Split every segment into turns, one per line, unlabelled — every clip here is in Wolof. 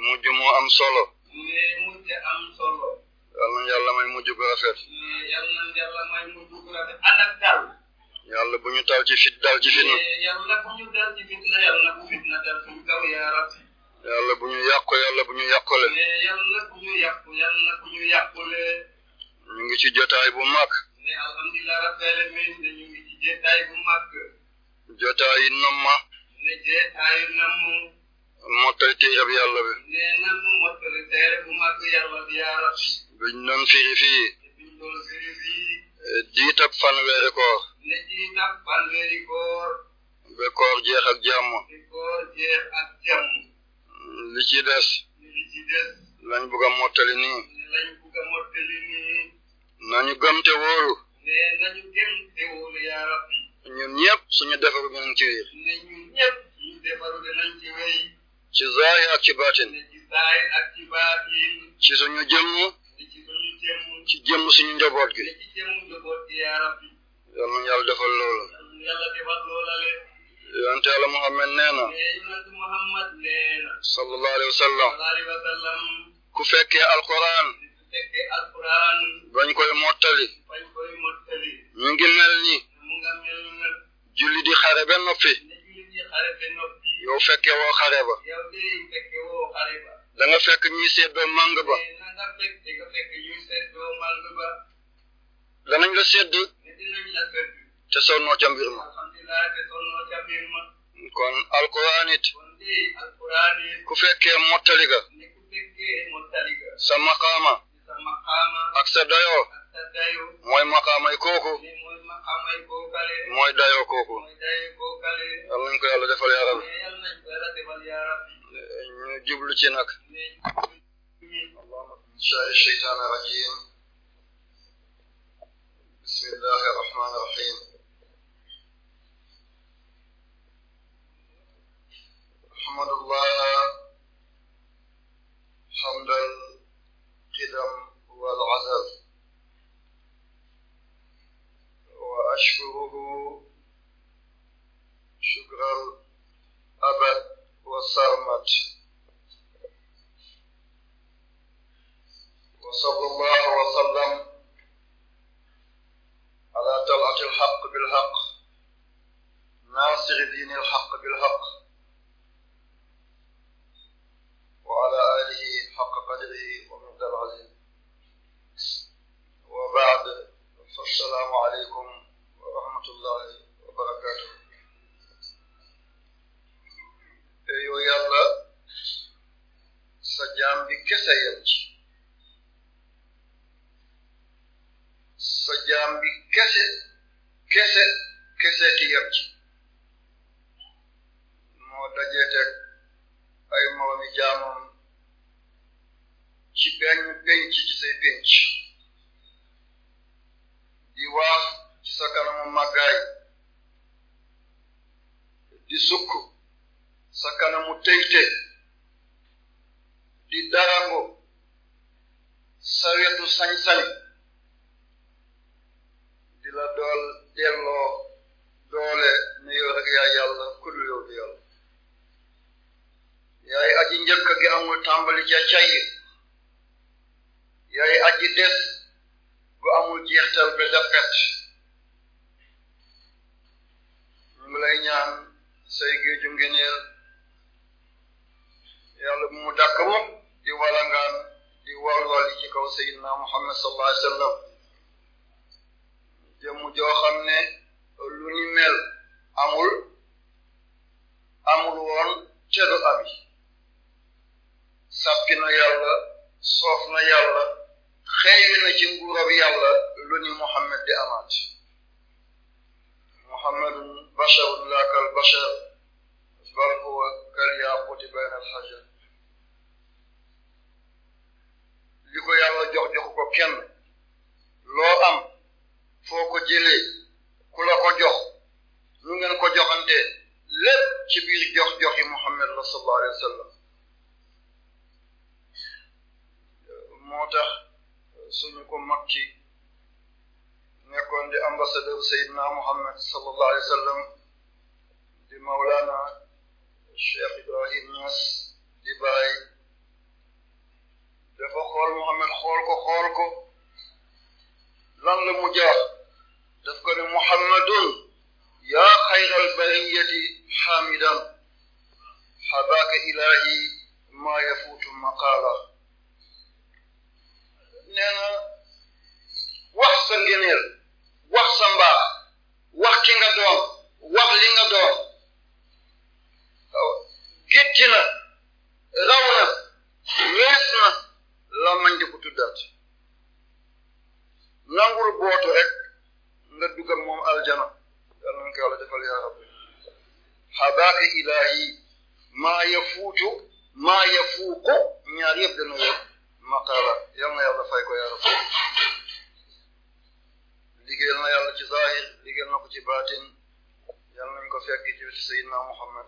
mujj moo am solo. mujj may mujj gu rafet. bu ñu taal ci fit dal ci fitna.
Eh, bu ñu dal ci bu fitna dal suñu kaw yaa rabbi. Eh,
ngi ci jotaay bu mag.
mais alhamdulilah ma. ne jotaay nam
mottali téereb yàlla bi.
bu mag yàlla di yaarat.
biñ doon firi fii. biñ doon firi fii. diitab fanweeri koor. ne jeex ak jàmm. ba li ci des. li ci des. lañ bugg a mottali nañu gëm te wóolu. ñun ñëpp suñu defaru dinañ ci wéy. ci wéy. ci zaahir ak ci baatin
ci suñu jëmm ci jëmm suñu njaboot gi yal
nañu yàlla defal loolu yonente yàlla Muhammad nee na sallallahu alayhi wa sallam ku fekkee alquran bañ koy mottali ñu ngi mel ni julli di xare ba noppi yow fekke woo xare ba. da nga fekk ñuy seddoo eh, màng ba. danañ la sedd. Eh, te sonnoo ca mbir ma. kon alquran ku fekkee mottali ga. sa ak sa dayoo. mooy maqaamay kooku mooy dayoo kooku yal nañu ko yàlla defal yaa rabbi
ñu jublu ci nag الشيطان الرجيم بسم الله الرحمن الرحيم الحمد الله
حمدا قدم والعذاب وأشكره شكرا أبد وصرمت وصلى الله وسلم على طلعة الحق بالحق ناصر دين الحق ci zahir digal ko ci baatin yal nañ ko fekk ci weti sayidna muhammad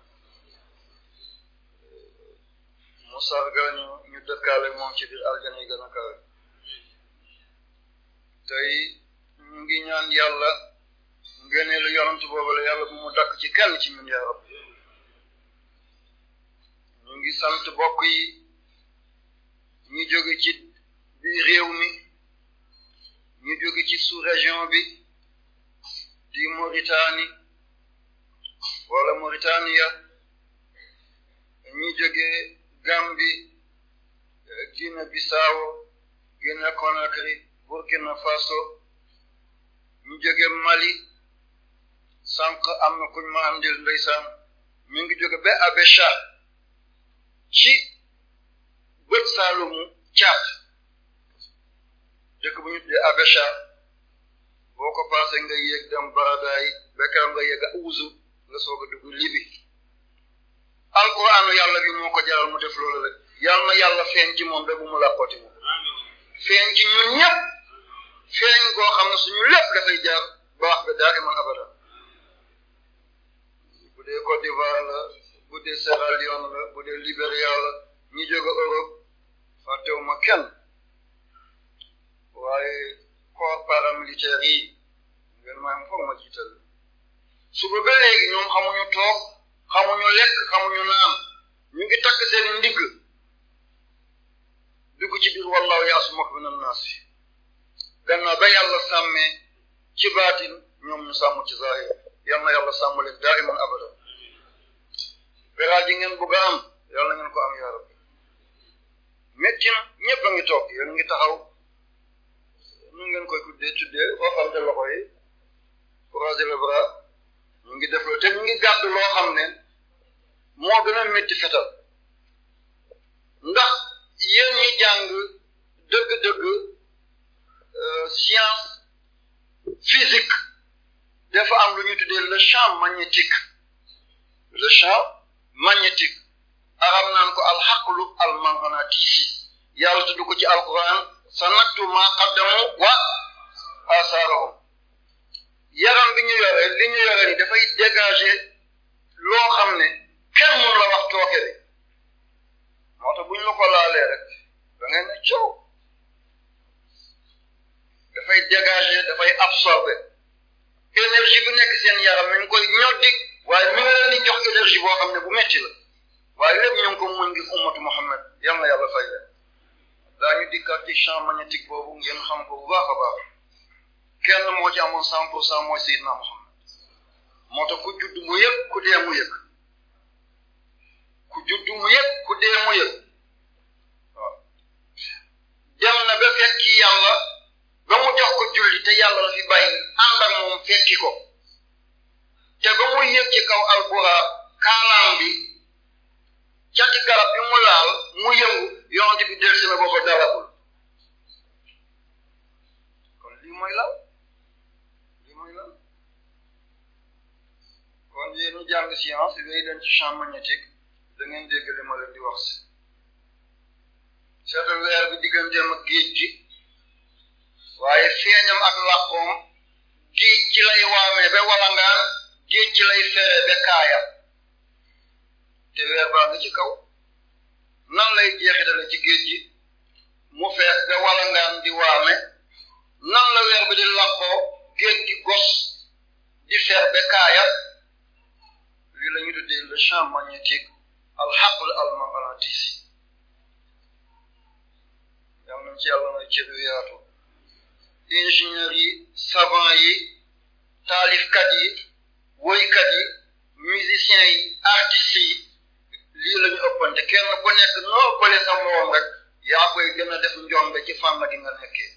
mu sargal ñu dëkkaale moom ci biir aljana yi gën tey ngi ñaan yàlla ngëneelu yonent boobu yàlla bu mu dakk ci kenn ci ñun yaa rab ngi sant bokk yi ñu jóge ci biir mi ñu jóge ci sous-région bi di Mauritanie wala Mauritania ñi jógee Gambie Guinée Bissau Guinée Conakry Burkina Faso ñu jóge Mali sànq am na kuñ ma andil ndeysaan mi ngi jóge ba Abécha ci bët Saalumu Caad dëkk bu ñu tuddee Abécha boo ko passé nga yéeg dem baadaay bekkaam nga yéeg a uzu nga soog a dugg libi alquranu yàlla bi moo ko jaral mu def loolu rek yal na yàlla feeñ ci moom be bu mu làqooti moom feeñ ci ñun ñëpp feeñ goo xam ne suñu lépp dafay jaar baax ba daiman abada bu dee Côte d'Ivoire bu dee Sierra la bu dee Libéria la ñi jóge Europe fàttewuma kenn waaye corps paramilitaire yi gouvernement am foog ma jiital suba ba léegi ñoom xamuñu toog xamuñu lekk xamuñu naan ñu ngi takk seen ndigg dugg ci biir wallaahu yaasumak min annaas gannaaw ba yàlla sàmmee ci baatin ñoom ñu sàmm ci zahir yal na yàlla sàmm leen daiman abada beraa ji ngeen bugg a am ngeen ko am yaa rabbi métti na ñëpp a ngi toog yéen ngi taxaw ñu ngeen koy tuddee tuddee oofante loxo yi croiser le bras ñu ngi def loolu te ñu ngi gàdd loo xam ne moo gën a métti fetal ndax yéen ñi jàng dëgg-dëgg euh, science physique dafa am lu ñuy tuddee le champ magnétique le champ magnétique arab naan ko alxaqlu almananaatiisi yàlla tudd ko ci alquran sa nattu ma qaddamu wa asarahum yaram bi ñu yore li dafay dégager loo xam ne kenn mënu la wax tooke bi moo tax buñ la ko laalee rek da dafay dégager dafay absorber énergie bu nekk seen yaram mi ngi koy ñoddi waaye mi ngi leen di jox énergie boo xam ne bu metti la waaye lépp ñu ko muñ ngir ummatu Muhammad yal na yàlla fay daañu dikkaat ci champ boobu ngeen xam ko bu baax a baax kenn moo ci amoon cent pour cent mooy Seydina Muhammad ku judd mu yëg ku mu yëg ku mu yëg ku mu yëg science wéy leen ci champ magnétique da dégg li ma di wax si seetal weer digganteem géej gi waaye feeñam ak làqoom géej ci lay waamee ba walangaan géej ci lay fere ba kaaya te weer baa ngi ci kaw nan lay jeexitale ci géej gi mu fees ba walangaan di waame nan la weer di làqoo géej gi gos di fer ba kaaya bi la ñu tuddee le champ magnétique al xaql al maqnatisi yal nañ ci yàlla may cëru yaatu ingénieurs yi savant yi taalifkat yi woykat yi musiciens yi artistes yi lii la ñu ëppante kenn ku nekk noo ëppale sa moom rek
yaa koy gën a def njombe ci fànn di nga nekkee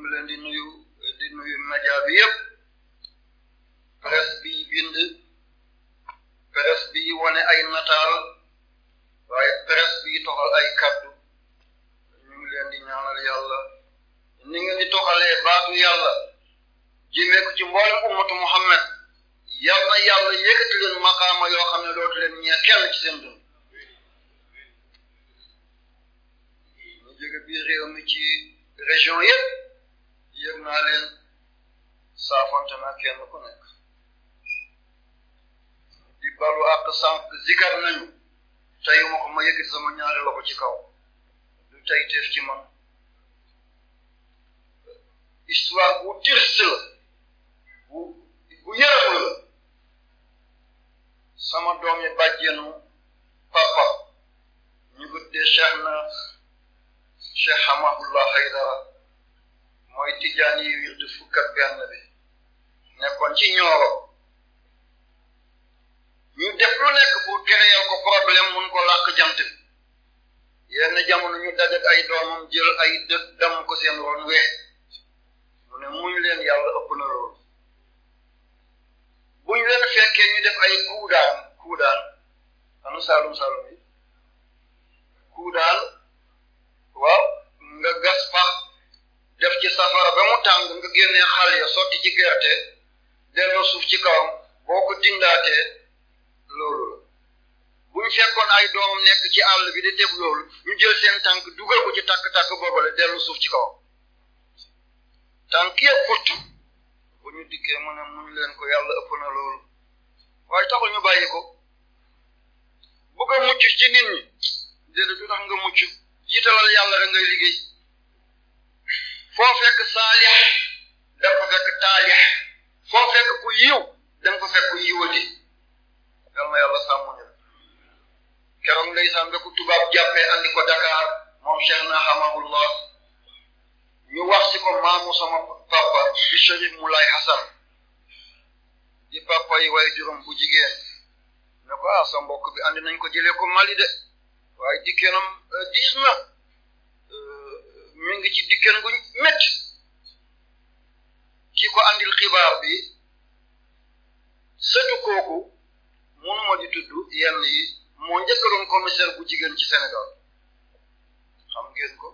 ñu leen di nuyu di nuyu média bi yëpp
bi bind wane ay nataal waaye presse bi toxal ay kaddu ñu ngi leen di ñaanal yàlla ni ngeen di toxalee baatu yàlla jëmee ko ci mboolem ummatu Muhammad yal na yàlla yëkkati leen maqaama yoo xam ne dootu leen ñee kenn ci seen dund ñu jóge biir réew ci région yëpp yëg naa leen saafonte naa kenn ku nekk di balu àq sànq zikar nañu tey ma ko ma yëkkati sama ñaari loxo ci kaw lu tey teef ci man histoire bu triste la bu bu sama doom yi bàjjenu papa ñu guddee cheikh na cheikh Hamadullah Haydara mooy tijaan yi wird fukk ak benn bi nekkoon ci ñooro ñu def lu nekk pour créer ko problème mun ko làkk jant bi yenn jamono ñu dajeek ay doomam jël ay dëkk dam ko seen ron wee mu ne leen yàlla ëpp na loolu buñ leen fekkee ñu def ay kuudaan kuudaan anu saalum saalum yi kuudaan waaw nga gas pax def ci safara ba mu tàng nga génnee xal ya sotti ci gerte delloo suuf ci kawam boo ko dindaatee loolu la bu ñu fekkoon ay doomam nekk ci àll bi di teg loolu ñu jël seen tànk dugal ko ci takk-takk boobale dellu suuf ci kawam tànk yëpp bu ñu dikkee mu ne muñ leen ko yàlla ëpp na loolu waaye taxul ñu bàyyi ko bëgg a mucc ci nit ñi déedéet du nga mucc jiitalal yàlla rek ngay liggéey foo fekk saalix da nga fa fekk taalix foo fekk ku yiw da nga fekk ku yiwati yal na yàlla sàmm ñu keroog ndeysaan ba ku tubaab jàppee andi ko Dakar moom Cheikh na xamahullah ñu wax si ko maamu sama papa bi Chérif Moulay Hassan di papa yi waaye juróom bu jigéen ne ko ah sa mbokk bi andi nañ ko jëlee ko Mali de waaye dikkeenam diis na euh, mi ngi ci dikkeen gu métti ki ko andil xibaar bi sëtu kooku munuma di tudd yenn yi moo njëkk doon commissaire bu jigéen ci Sénégal xam ngeen ko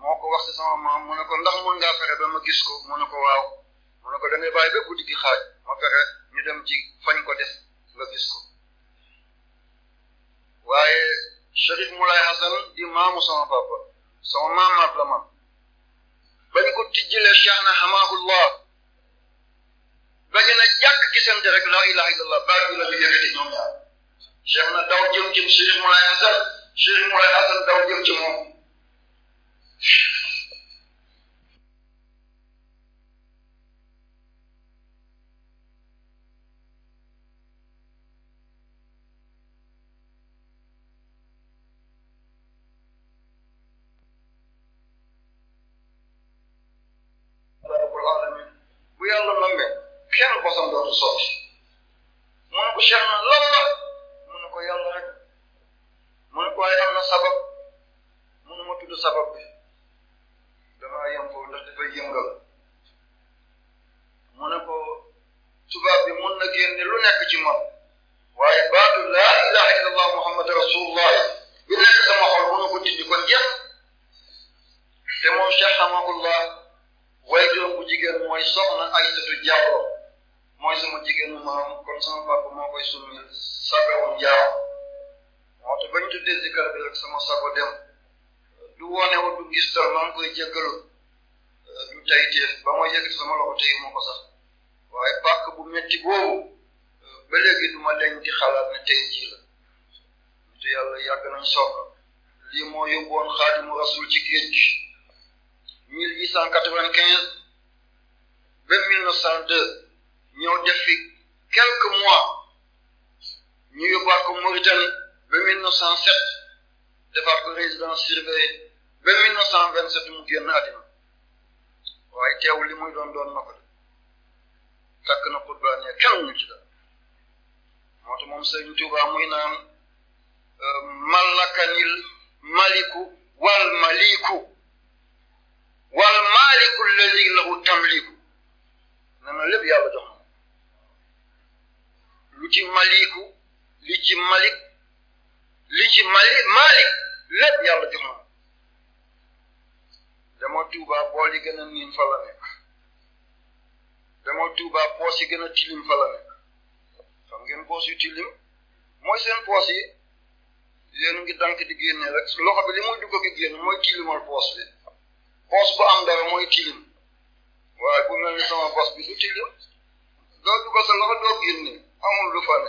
moo ko wax ci sama maam ndax mun ngaa fexe ba ma gis ko mu ne ko waaw mu ne ko da ngay bàyyi ba guddi gi xaaj ma fexe ñu dem ci fañ ko def nga gis ko waaye Chérif Moulay Hassan di maamu tijjilee Cheikh na xamaahullah daje na jàkk gisante rek laa ilaha illallah baat bi la ñu yëkkati ñoom ñaar Cheikh na ci Chérif Moulay Hassan ci moom teyu ma ko sax waaye pàkk bu metti boobu euh, ba léegi du ma deñ di xalaat ne tey jii la te yàlla yàgg nañ soxla lii moo yóbboon xaadimu rasul ci géej gi mille huit cent quatre-vingt-quinze ba mille neuf cent deux ñëw def quelques mois ñu yóbbaat ko Mauritanie ba mille neuf cent sept defaat ko résidence ba mille neuf cent vingt-sept mu génn àddina waaye teew li muy doon doon na ko de takk na xutbaan ya moo tax moom Sëriñ Tuubaa muy naan euh, malakanil maliku wal wal maliku alladi lahu tamliku na lépp yàlla jox na lu ci maliku li ci malik li ci mali dama Touba bool yi gën a miin fa la nekk dama Touba poos yi gën a tilim fa la nekk xam ngeen yu tilim mooy seen poos yi yéen ngi dank di génne rek li muy dugg ki génn mooy tilimal poos bi poos bu am dara mooy tilim waaye bu mel ni sama poos bi du tilim doo dugg sa génne amul lu fa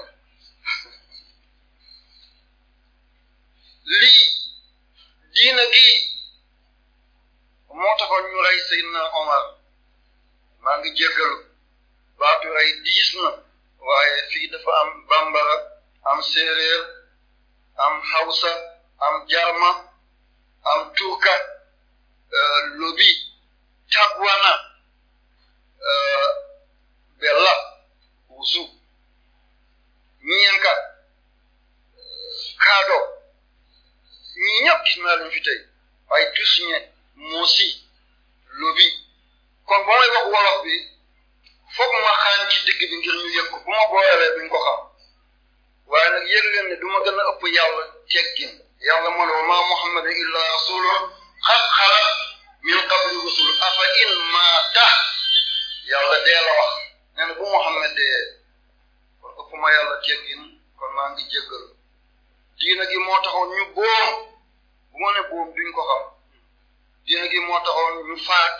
lii diina gii moo taxoon ñu rey Seydina Omar maa ngi jéggalu baatu rey diis na waaye fii dafa am bambara am séeréer am hausa am jarma am turka euh, lobi tagwana euh, bella wuzu ñiyanka euh, kaado ñi ñëpp gis naa fi tey waaye tus ñe muusi lobi kon ba may wax wolof bi foog ma xaañ ci digg ngir ñu yëg bu ma booyalee bi ñu ko xam waaye nag yëg leen ne du ma gën a ëpp yàlla teggin yàlla moo ne wa maa muhammadun illa rasulun qad xalat min qabli rusul afa in maata yàlla dee la wax bu muhammad kon ëpp ma yàlla teggin kon maa ngi jéggal diina gi moo taxoon ñu boom bu ma ne boom ko xam diina gi moo taxoon ñu faat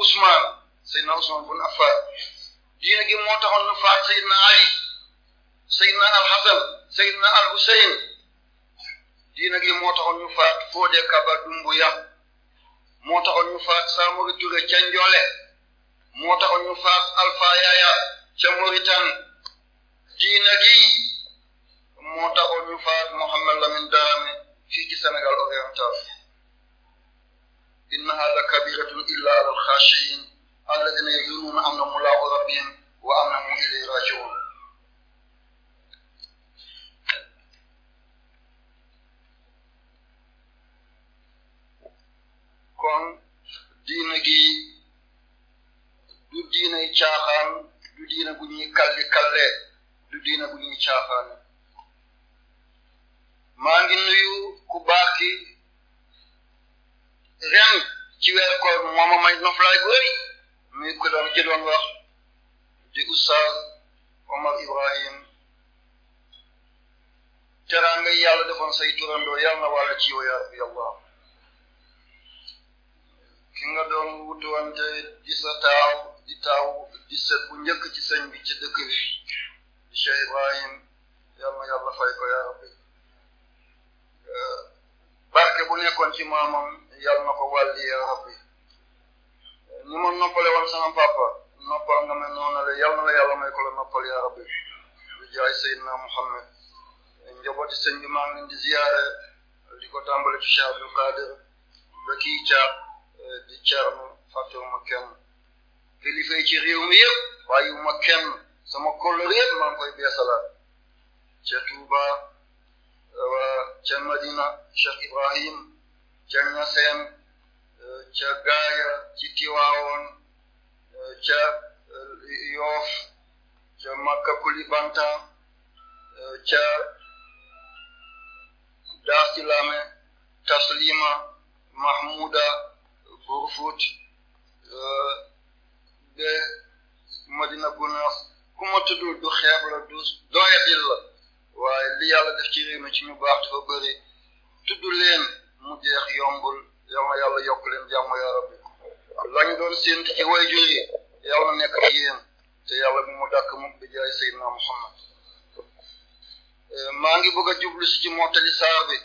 Ousmane Seydina Ousmane bun Affan diina gi moo taxoon ñu faat Seydina Ali Seydina Al Hasan Seydina Al Hussein diina gi moo taxoon ñu faat Fodé Kaba Doumbouya moo taxoon ñu faat Samori Touré ca Ndiolé moo taxoon ñu faat Alpha Yaya ca Mauritanie diina gi moo taxoon ñu faat Mohamed Lamine Dramé fii ci Sénégal oriental inna hada kabiratun illa ala alxaashiin alladina yazunuuna annahum mulaaqu rabbihim wa annahum ilayhi raaji'uun kon diina gi du diinay caaxaan du diina gu ñuy kalli kalle du diina gu ñuy caaxaan maa ngi nuyu ku baax ren ci weer koor mooma may noflaay gu rëy muy ko doon ci doon wax di oustaz Omar Ibrahim teraanga yi yàlla defoon say turandoo yàlla na wàlla ci yow ya allah ki nga doon wutuwante di sa taaw di taaw di set bu ci sëñ bi ci dëkk di Cheikh Ibrahim yàlla na yàlla fay ko ya rabbi eh, barke bu nekkoon ci maamam yàlla na ko wàlli yaa rabbi ni ma noppale woon sama papa noppal nga ma noonu la yàlla na la yàlla may ko yaa rabbi bi jaay Seydina Muhammad njabooti sëñ bi maa ngi leen di ziyaare di ko tàmbale ci Cheikh Abdou Qadir ba kii caab di Thierno fàttewuma kenn kilifa yi ci réew mi yëpp bàyyiwuma kenn sama kóllëre yëpp maa ngi koy beesalaat ca Touba ca Madina Cheikh Ibrahim ca Ñaseen ca Gaaya ci Tiwaawoon eh, ca eh, Yoof ca Makka Kulibanta eh, ca Daasilame Taslima Mahmuda Burfut de Madina Gunaas ku ma tuddul du xeeb la du doyadil waaye li yàlla def ci réew mi ci ñu baax dafa bëri tudd leen mu jeex yombul yal na yàlla yokk leen jàmm yaa rabbi lañ doon ci way juri yàlla nekk ci te yàlla mu dàkk mu bi jaay Seydina Muhammad eh, maa ngi bëgg a jublu si ci mottali saar bi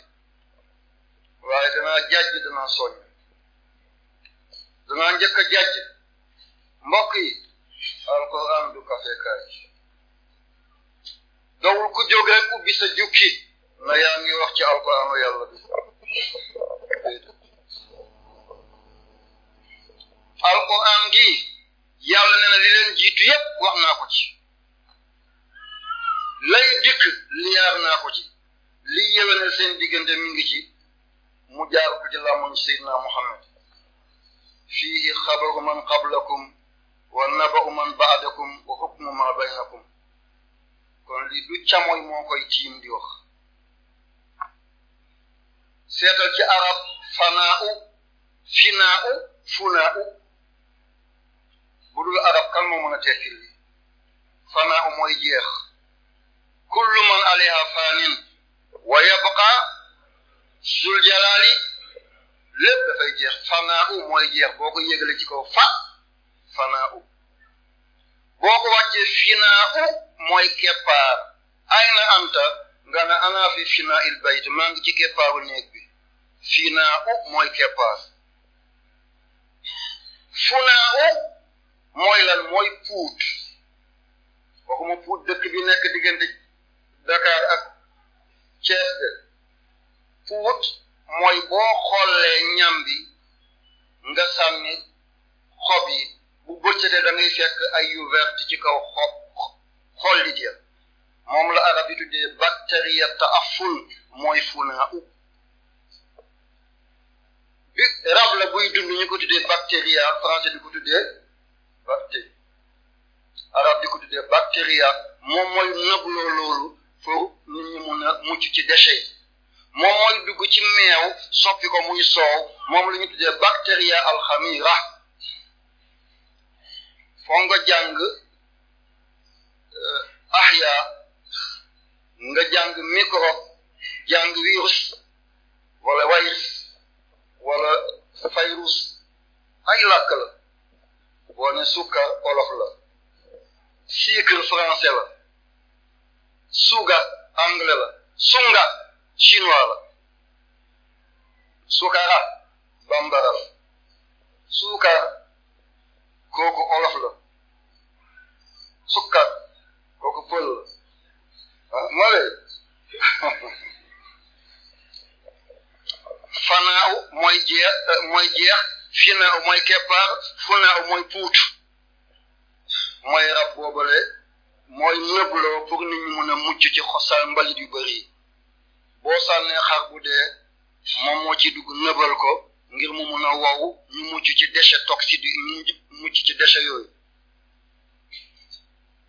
waaye danaa jàjj danaa soññ danaa njëkk a jàjj mbokk yi alquran du kafekaay dawul ku jóg rek ubbi jukki na yaa ngi wax ci alquranu yàlla alquran gi yàlla nee na li leen jiitu yépp wax naa ko ci lay dikk liyaar naa ko ci li yéwénal seen diggante mi ngi ci mu jaar ko ci làmmuñ seydina muhammad fiihi xabaru man qablakum wa naba'u man ba'dakum wa hukmu ma baynakum kon lii du camoy moo koy tiim di wax seetal ci arab fanaa'u finaa'u funaa'u bu dul arab kan moo mën a tekkil li fanaa'u mooy jeex kullu man alayha faanin wa yabqa zul jalaali lépp dafay jeex fanaa'u mooy jeex boo ko yëgale ci kaw fa fanaa'u boo ko wàccee finaa'u mooy keppaar ayna anta nga ne ana fi finaa'il bayt maa ci keppaaru néeg finaaw mooy keppaar funaaw mooy lan mooy puut waxuma puut dëkk bi nekk diggante Dakar ak Thiès puut mooy boo xoolee ñam bi nga sànni xob yi bu bëccëtee da ngay fekk ay yu ci kaw xob moom la a yi tuddee bactérie taaful mooy funaaw bi rab la buy dund ñu ko tuddee bactéria français di ko tuddee bactérie arabe di ko tuddee bactéria moom mooy nëbloo mun a mucc ci déchets yi moom mooy dugg ci meew soppi ko muy soow moom la ñu tuddee bactéria alxamira foo nga jàng euh, ahya nga jàng microbe jàng virus wala virus wala fayrus ay làkk la boo ne olof la sucre français la suga anglais la sunga chinois la sukara bambara la suukar olof la sukkar kooku pël la ah fanaaw mooy jeex mooy jeex finaaw mooy keppaar funaaw mooy puut mooy rab boobale mooy nëbloo pour nit ñi mën a mucc ci xosal mbalit yu bëri boo sànnee xar bu dee moom moo ci dugg nëbal ko ngir mu mun a wow ñu mucc ci déchet toxique yi ñu mucc ci dese yooyu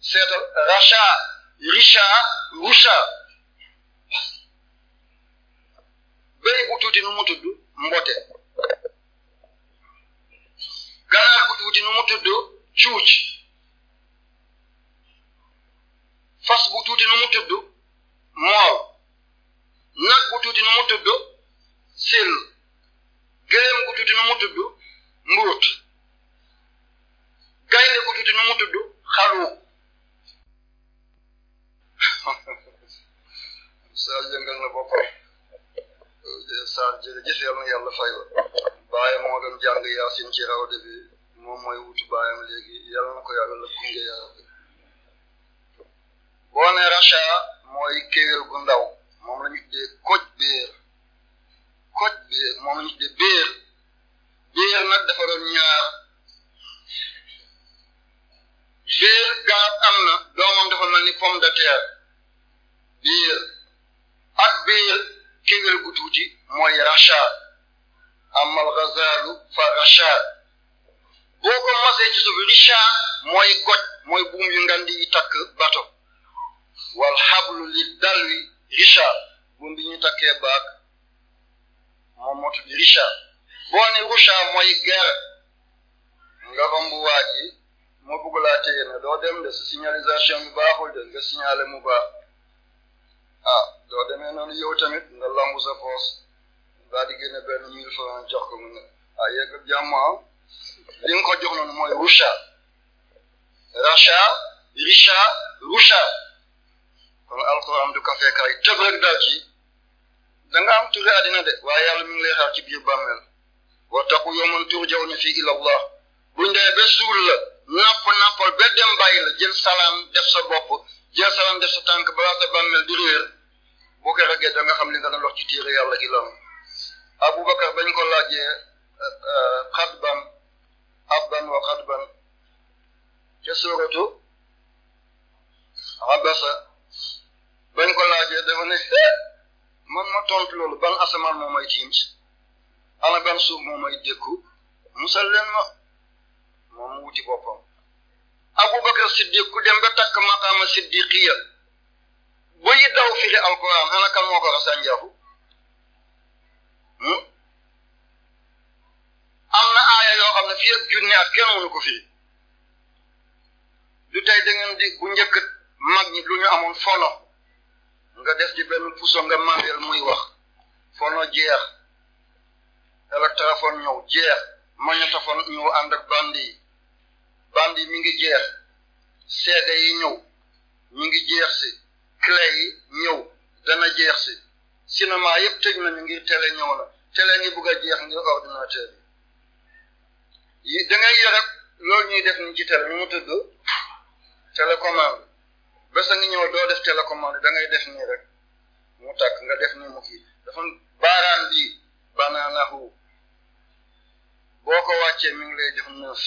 seetal racha richa rucha bëy bu tuuti nu mu tudd mbote ganaar bu tuuti nu mu tudd cuuc fas bu tuuti nu mu tudd moow nag bu nu mu sil gëléem bu tuuti nu mu mbuut gaynde bu tuuti nu mu tudd xalu Sarr jërëjëf yàlla na fay la moo doon jàng yaasin ci rawde bi moom mooy wutu baayam léegi yàlla na ko yàlla la gunge yaa rabbi boo ne racha mooy ndaw moom la ñu tuddee koj béer koj béer moom la ñu tuddee béer béer nag dafa doon ñaar béer garab am na doomam dafa mel ni pomme de terre béer ak béer kéwél gu tuuti mooy racha amal gazalu fa racha boo ko ci suuf richa mooy goj mooy buum yu ngandi yi takk bato wal xablu li dalwi richa buum bi ñu takkee baag moom moo tudd richa boo ne rucha mooy ger nga romb waa moo bëgg laa téye ne doo dem de sa signalisation bi baaxul de nga signalé mu baax ah doo demee noonu yow tamit nga lambu sa poos daal di génne benn mille franc jox ko mu ne ah yegg jàmm ah. li ko jox noonu mooy rusha rasha risha rusha kon alquran du kafe kay tëb rek daal ci da nga am turi àddina de waaye yàlla mi ngi lay xaar ci biir bàmmeel wa taqu yawman turja'una fi ila allah buñ dee suul la napp nappal ba dem bàyyi la jël def sa bopp jël salaan def sa tànk balaa sa bàmmeel di réer boo ko regee a nga xam li nga doon wax ci téere yàlla gi lan Aboubacar bañ ko laajee euh, euh, xadban abban wa xadban ca suratu abasa bañ ko laajee dafa ne eh, man ma tontu loolu ban asamaan moo may tiim ana ban suuf moo may dékku musal leen ma moom mu wuti boppam Aboubacar Siddiq ku dem ba takk maqaama bu yi daw firi alquran ana kan moo ko war a sànjaafu hmm? am na aaya yoo xam ne fii ak kenn mënu ko firi du tey da ngeen di bu njëkk mag ñi lu ñu amoon fono nga def ci benn puso nga mandeel muy wax fono jeex électrophone ñëw jeex magnétophone ñëw ànd ak bandi yi bandi yi mi ngi jeex seede yi ñëw mi ngi jeex si clé yi ñëw dana jeex si cinéma yëpp tëj nañu ngir télé ñëw la télé ngi bugg a jeex ngir ordinateur yi da ngay yoreb loolu ñuy def ni ci télé ñu mu tudd télécommande bés a ngi ñëw doo def télécommande da ngay def nii rek mu tàkk nga def nii mu kii dafa baaraan bii banaanahu boo ko wàccee mi ngi lay jox neuf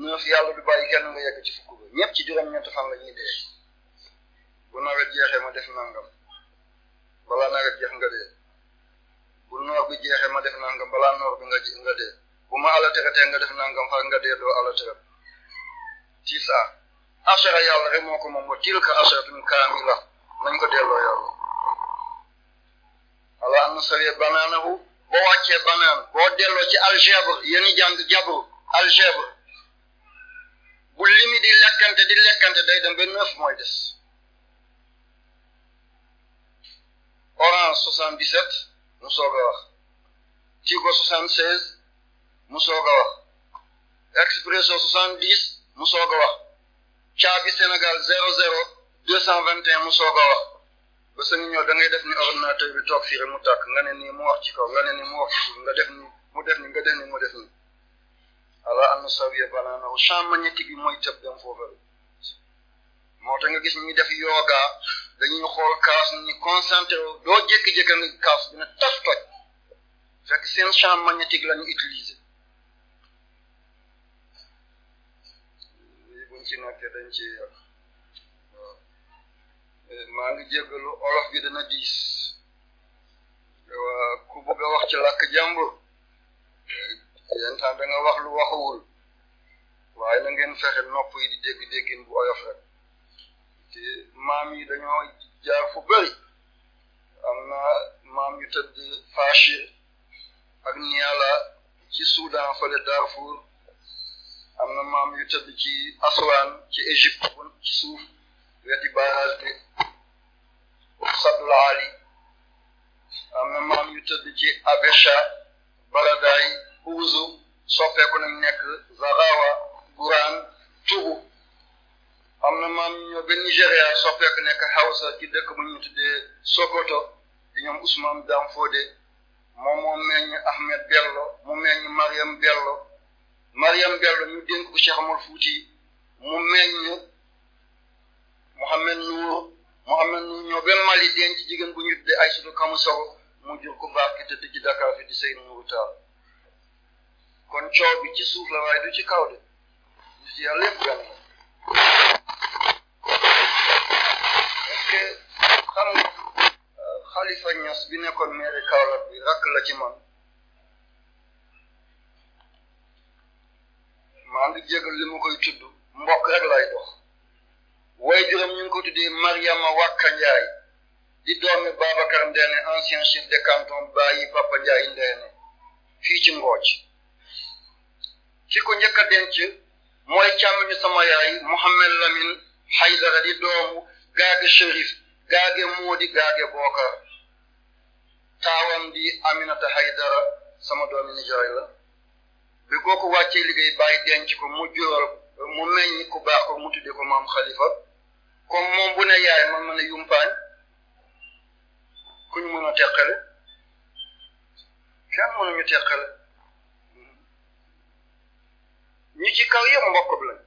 neuf yàlla du bàyyi kenn nga yegg ci fukk ba ñëpp ci juróom-ñeent fan la ñuy dee bu nawet jeexee ma def nangam balaa nawet jeex nga dee bu noor bi jeexee ma def nangam balaa noor bi nga nga dee bu ma ala teretee nga def nangam far nga dee doo ala teret tisa ashara yàlla rek moo ko moom ba tilka asharatun kaamila nañ ko delloo yàlla ala am na sawee banaanahu boo wàccee banaan boo delloo ci algèbre yéen i jàng jabru bu limi di lekkante di lekkante day dem ba neuf mooy des orange soixante dix sept mu soog a tigo soixante seize mu soog a wax expresso soixante mu soog a wax caabi Sénégal zéro zéro deux cent vingt un mu soog a wax ba sa ñëw da ngay def ni ordinateur bi toog fii rek mu tàkk nga ne nii mu wax ci kaw nga ne nii mu wax ci suuf nga def ni mu def nga def ni mu def ala an sawiya banaanahu champ magnétique bi mooy tëb dem foofale moo tax nga gis ñuy def yoga dañuy xool kaas ñu concentré doo jékki-jékki nga kaas dina tas toj fekk seen champ magnétique la ñu utiliser lii buñ ci nokkee dañ ci waaw ngi jéggalu olof bi dana diis ku bëgg wax ci làkk jàmbur yenn temps da nga wax lu waxawul waaye na ngeen fexe nopp yi di dégg déggin bu oyof te maam yi dañoo jaar fu bëri am na maam yu tëdd Fashir ak Niala ci Soudan fële Darfour am na maam yu tëdd ci Aswan ci Égypte ci suuf weti barrage bi Sadul Ali am na maam yu tëdd ci Abesha Baradaay huusu soppeeku na nekk zarawa buraan tubu am na maam ñoo benn Nigéria soppeeku nekk hausa ci dëkk bu ñu tuddee Sokoto di ñoom Ousmane Dam Fodé moom moo meññ Ahmed Bello mu meññ Mariam Bello Mariam Bello ñu dénk ko Cheikh Omar Fouti mu meññ Mohamed Nour Mohamed Nour ñoo benn Mali denc jigéen bu ñu tuddee Aïssatou Kamu mu jur ko baax ki tëdd ci fi di Seydou Nourou Tall kon coow ci suuf la waaye du ci kaw de ñu ci yàlla lépp gan la parce que xam nga xalifa bi nekkoon maire Kaolack bi rakk la ci man maa ngi jégal li ma koy tudd mbokk rek lay dox waaye juróom ñu ngi ko tuddee Mariama Wakka Ndiaye di doomi Babacar Ndene ancien chef de canton bàyyi Papa Ndiaye Ndene fii ci Mbodj ci ko njëkk a denc mooy càmmiñu sama yaay Mouhamed Lamine Haydara di doomu gaage Chérif gaage Moodi gaage Bookar taawam di Aminata Haydara sama doomi nijaay la bi kooku wàccee liggéey bàyyi denc ko mu jural mu meññ ku baax mu tuddee ko maam Khalifa comme moom bu ne yaay man ma ne yumpaañ ku ñu mën a teqale kenn mënuñu teqale ñi ci kaw yëpp mbokk bi lañ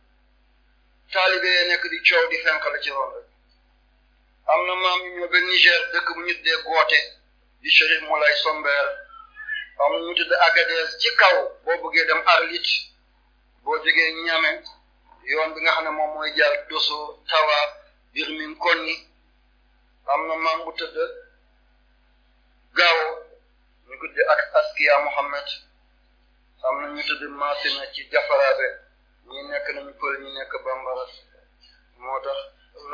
taalibe yee nekk di coow di fenkale ci loolu rek am na maam ñu ñëw ba Niger dëkk bu ñu tuddee Goote di Chérif Moulay Sombeer am na ñu tudd Agadez ci kaw boo bëggee dem Arlit boo jógee Niamey yoon bi nga xam ne moom mooy jaar Dosso Tawa Birmingham am na maam bu tëdd Gao ñu tuddee ak Askia Mohammed am na ñu tudd Masina ci Jafaraabe ñi nekk nañu pël ñu nekk bambara moo tax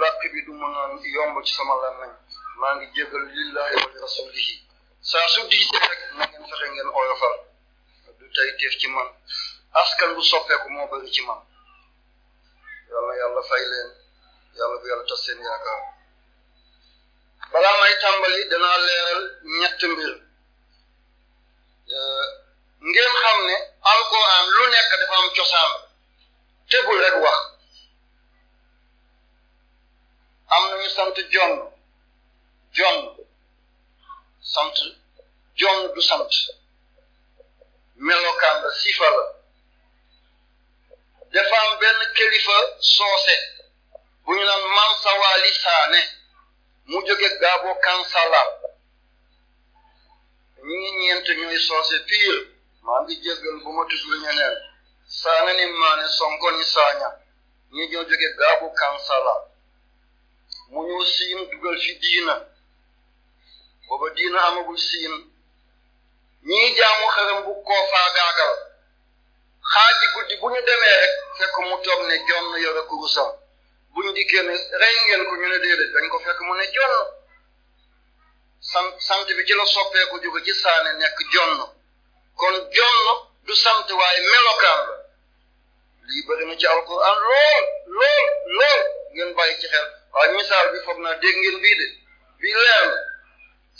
làkk bi du mën a yomb ci sama làmmiñ maa ngi jégal lillahi wa rasulihi saa su diitee rek na ngeen fexe ngeen oyofal du tey teef ci man askan bu soppeeku moo bëri ci man yàlla yàlla fay leen yàlla bu yàlla tas balaa may tàmbali danaa leeral ñett mbir euh, ngeen xam ne alquran lu nekk dafa am cosaan tegul rek wax am nañu sant jon jon sant jon du sant melokaan la sifa la benn kilifa soose bu ñu naan Mansawaali Saane mu jóge Gaabo Kansala ñii ñeent ñooy soose pire maa ngi jéggal bu ma tuddul ñeneen saana ni maane sonko ni saaña ñi ñoo jóge gaabu kansala mu ñëw siin dugal fi diina booba diina amagul siin ñii jaamu xërëm bu koo faagaagal xaaji guddi bu ñu demee rek fekk mu toog ne jonn yore kurusam buñ dikkee ne rey ngeen ko ñu ne déedéet dañ ko fekk mu ne jonn sant sant bi ci la soppeeku jóge ci saane nekk jonn kon jonn du sant waaye melokaan la lii bëri na ci alquran lool lool lool ngeen bàyyi ci xel waaye misaal bi foog naa dégg ngeen bii de bii leer na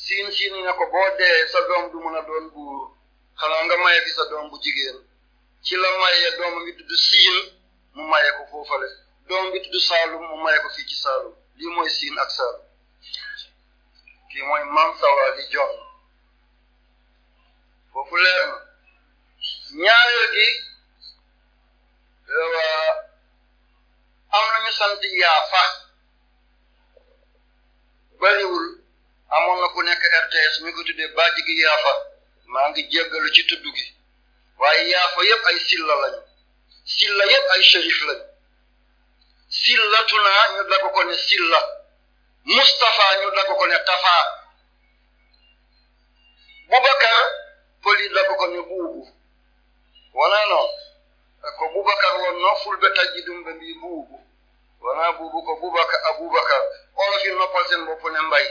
siin siin na ko boo dee sa doom du mën a doon buur nga maye fi sa doom bu jigéen ci la maye doom bi tudd siin mu maye ko foofale doom bi tudd saalum mu maye ko fii ci saalum lii mooy siin ak saalum kii mooy maam sawa li jonn foofu leer na ñaareel gi am nañu sant yaafa bariwul amoon na ku nekk RTS mi ko tuddee baa jigi yaafa maa ngi jéggalu ci tudd gi waaye yaafa yépp ay silla lañu silla yépp ay shérif lañu sillatuna ñu dagg ko ne silla Mustafa ñu dagg ko ne Tafa Bubakar kollinɗa ko komi ɓuuɓu wona noon ko boubacar wonno fulɓe tajji ɗum ɓe mbi ɓuuɓu wona ɓuuɓu ko boubaka aboubacar olofi noppal sen boppo ne mbayi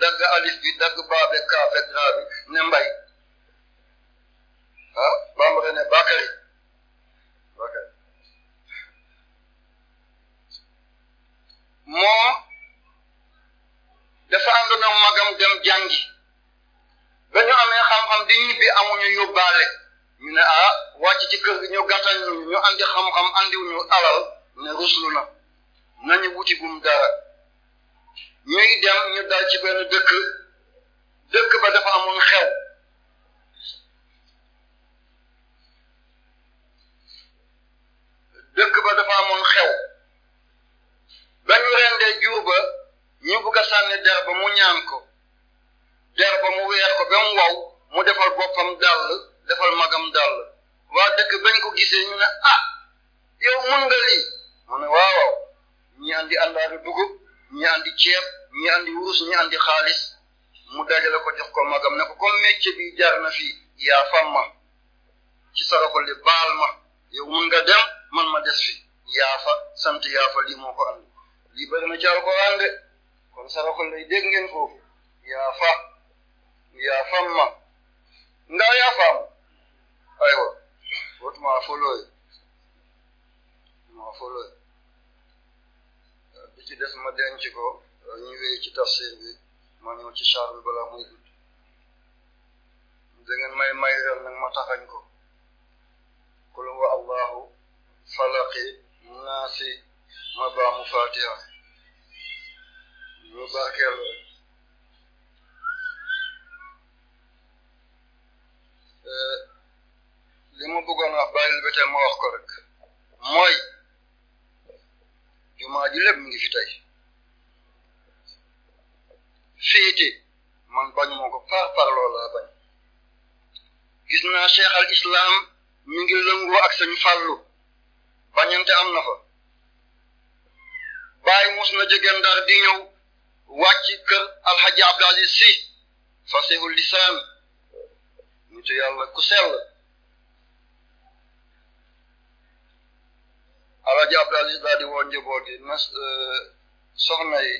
dagga alif bi dagga baaɓe kaafe draaɓi ne mbayi ha bambarene bakari bakari moo dafa àndoon magam dem jàngi ba ñu amee xam-xam di ñibbi amuñu yóbbaale ñu ne ah wàcc ci kër gi ñu gàttal ñu ñu andi xam-xam andiwuñu alal ne ruslu na nañu wuti gum dara ñuy dem ñu dal ci benn dëkk dëkk ba dafa amoon xew dëkk ba dafa amoon xew ba ñu rendee jur ba ñu bugg a sànni mu ñaan ko der ba mu weer ko ba mu wow mu defal boppam dàll defal magam dàll waa dëkk bañ ko gisee ñu ne ah yow mun nga lii mu ne ñi andi àndaaru dugub ñi andi ceeb ñi andi wurus ñi andi xaalis mu dajale ko def ko magam ne ko comme métier bi jaar na fii yaa fam ma ci sarako li baal ma yow mun nga dem man ma des fi yaafa sant yaafa lii moo ko andi lii bari na ci alquran de kon sarako lay dégg ngeen foofu yaafa yafan ma nga yafamu ayiwa o tuma fɔlɔ ye tuma fɔlɔ ye biki desmaden cikɔ ni bɛ ci tafsir ma ni ci sharbi bala muy dut da ngeen may mayral nag ma taxañ ko kul huwa allahu falaqi naasi ma baamu fatiha ñu barkeel Euh, li ma bëggoon wax bàyyil ba ma wax ko rek mooy jumaa ji lépp mu ngi fi tey fiiti man bañ moo ko par par loolaa bañ gis naa cheikh al islam mi ngi lëngoo ak sañ fàllu bañante am na fa bàyyi mus na jóge Ndar di ñëw wàcc kër alxaji abdul aziz si fasihul lisaan te yàlla ku sell Alaaji Abdou Aziz woo njaboot gi na euh, soxna yi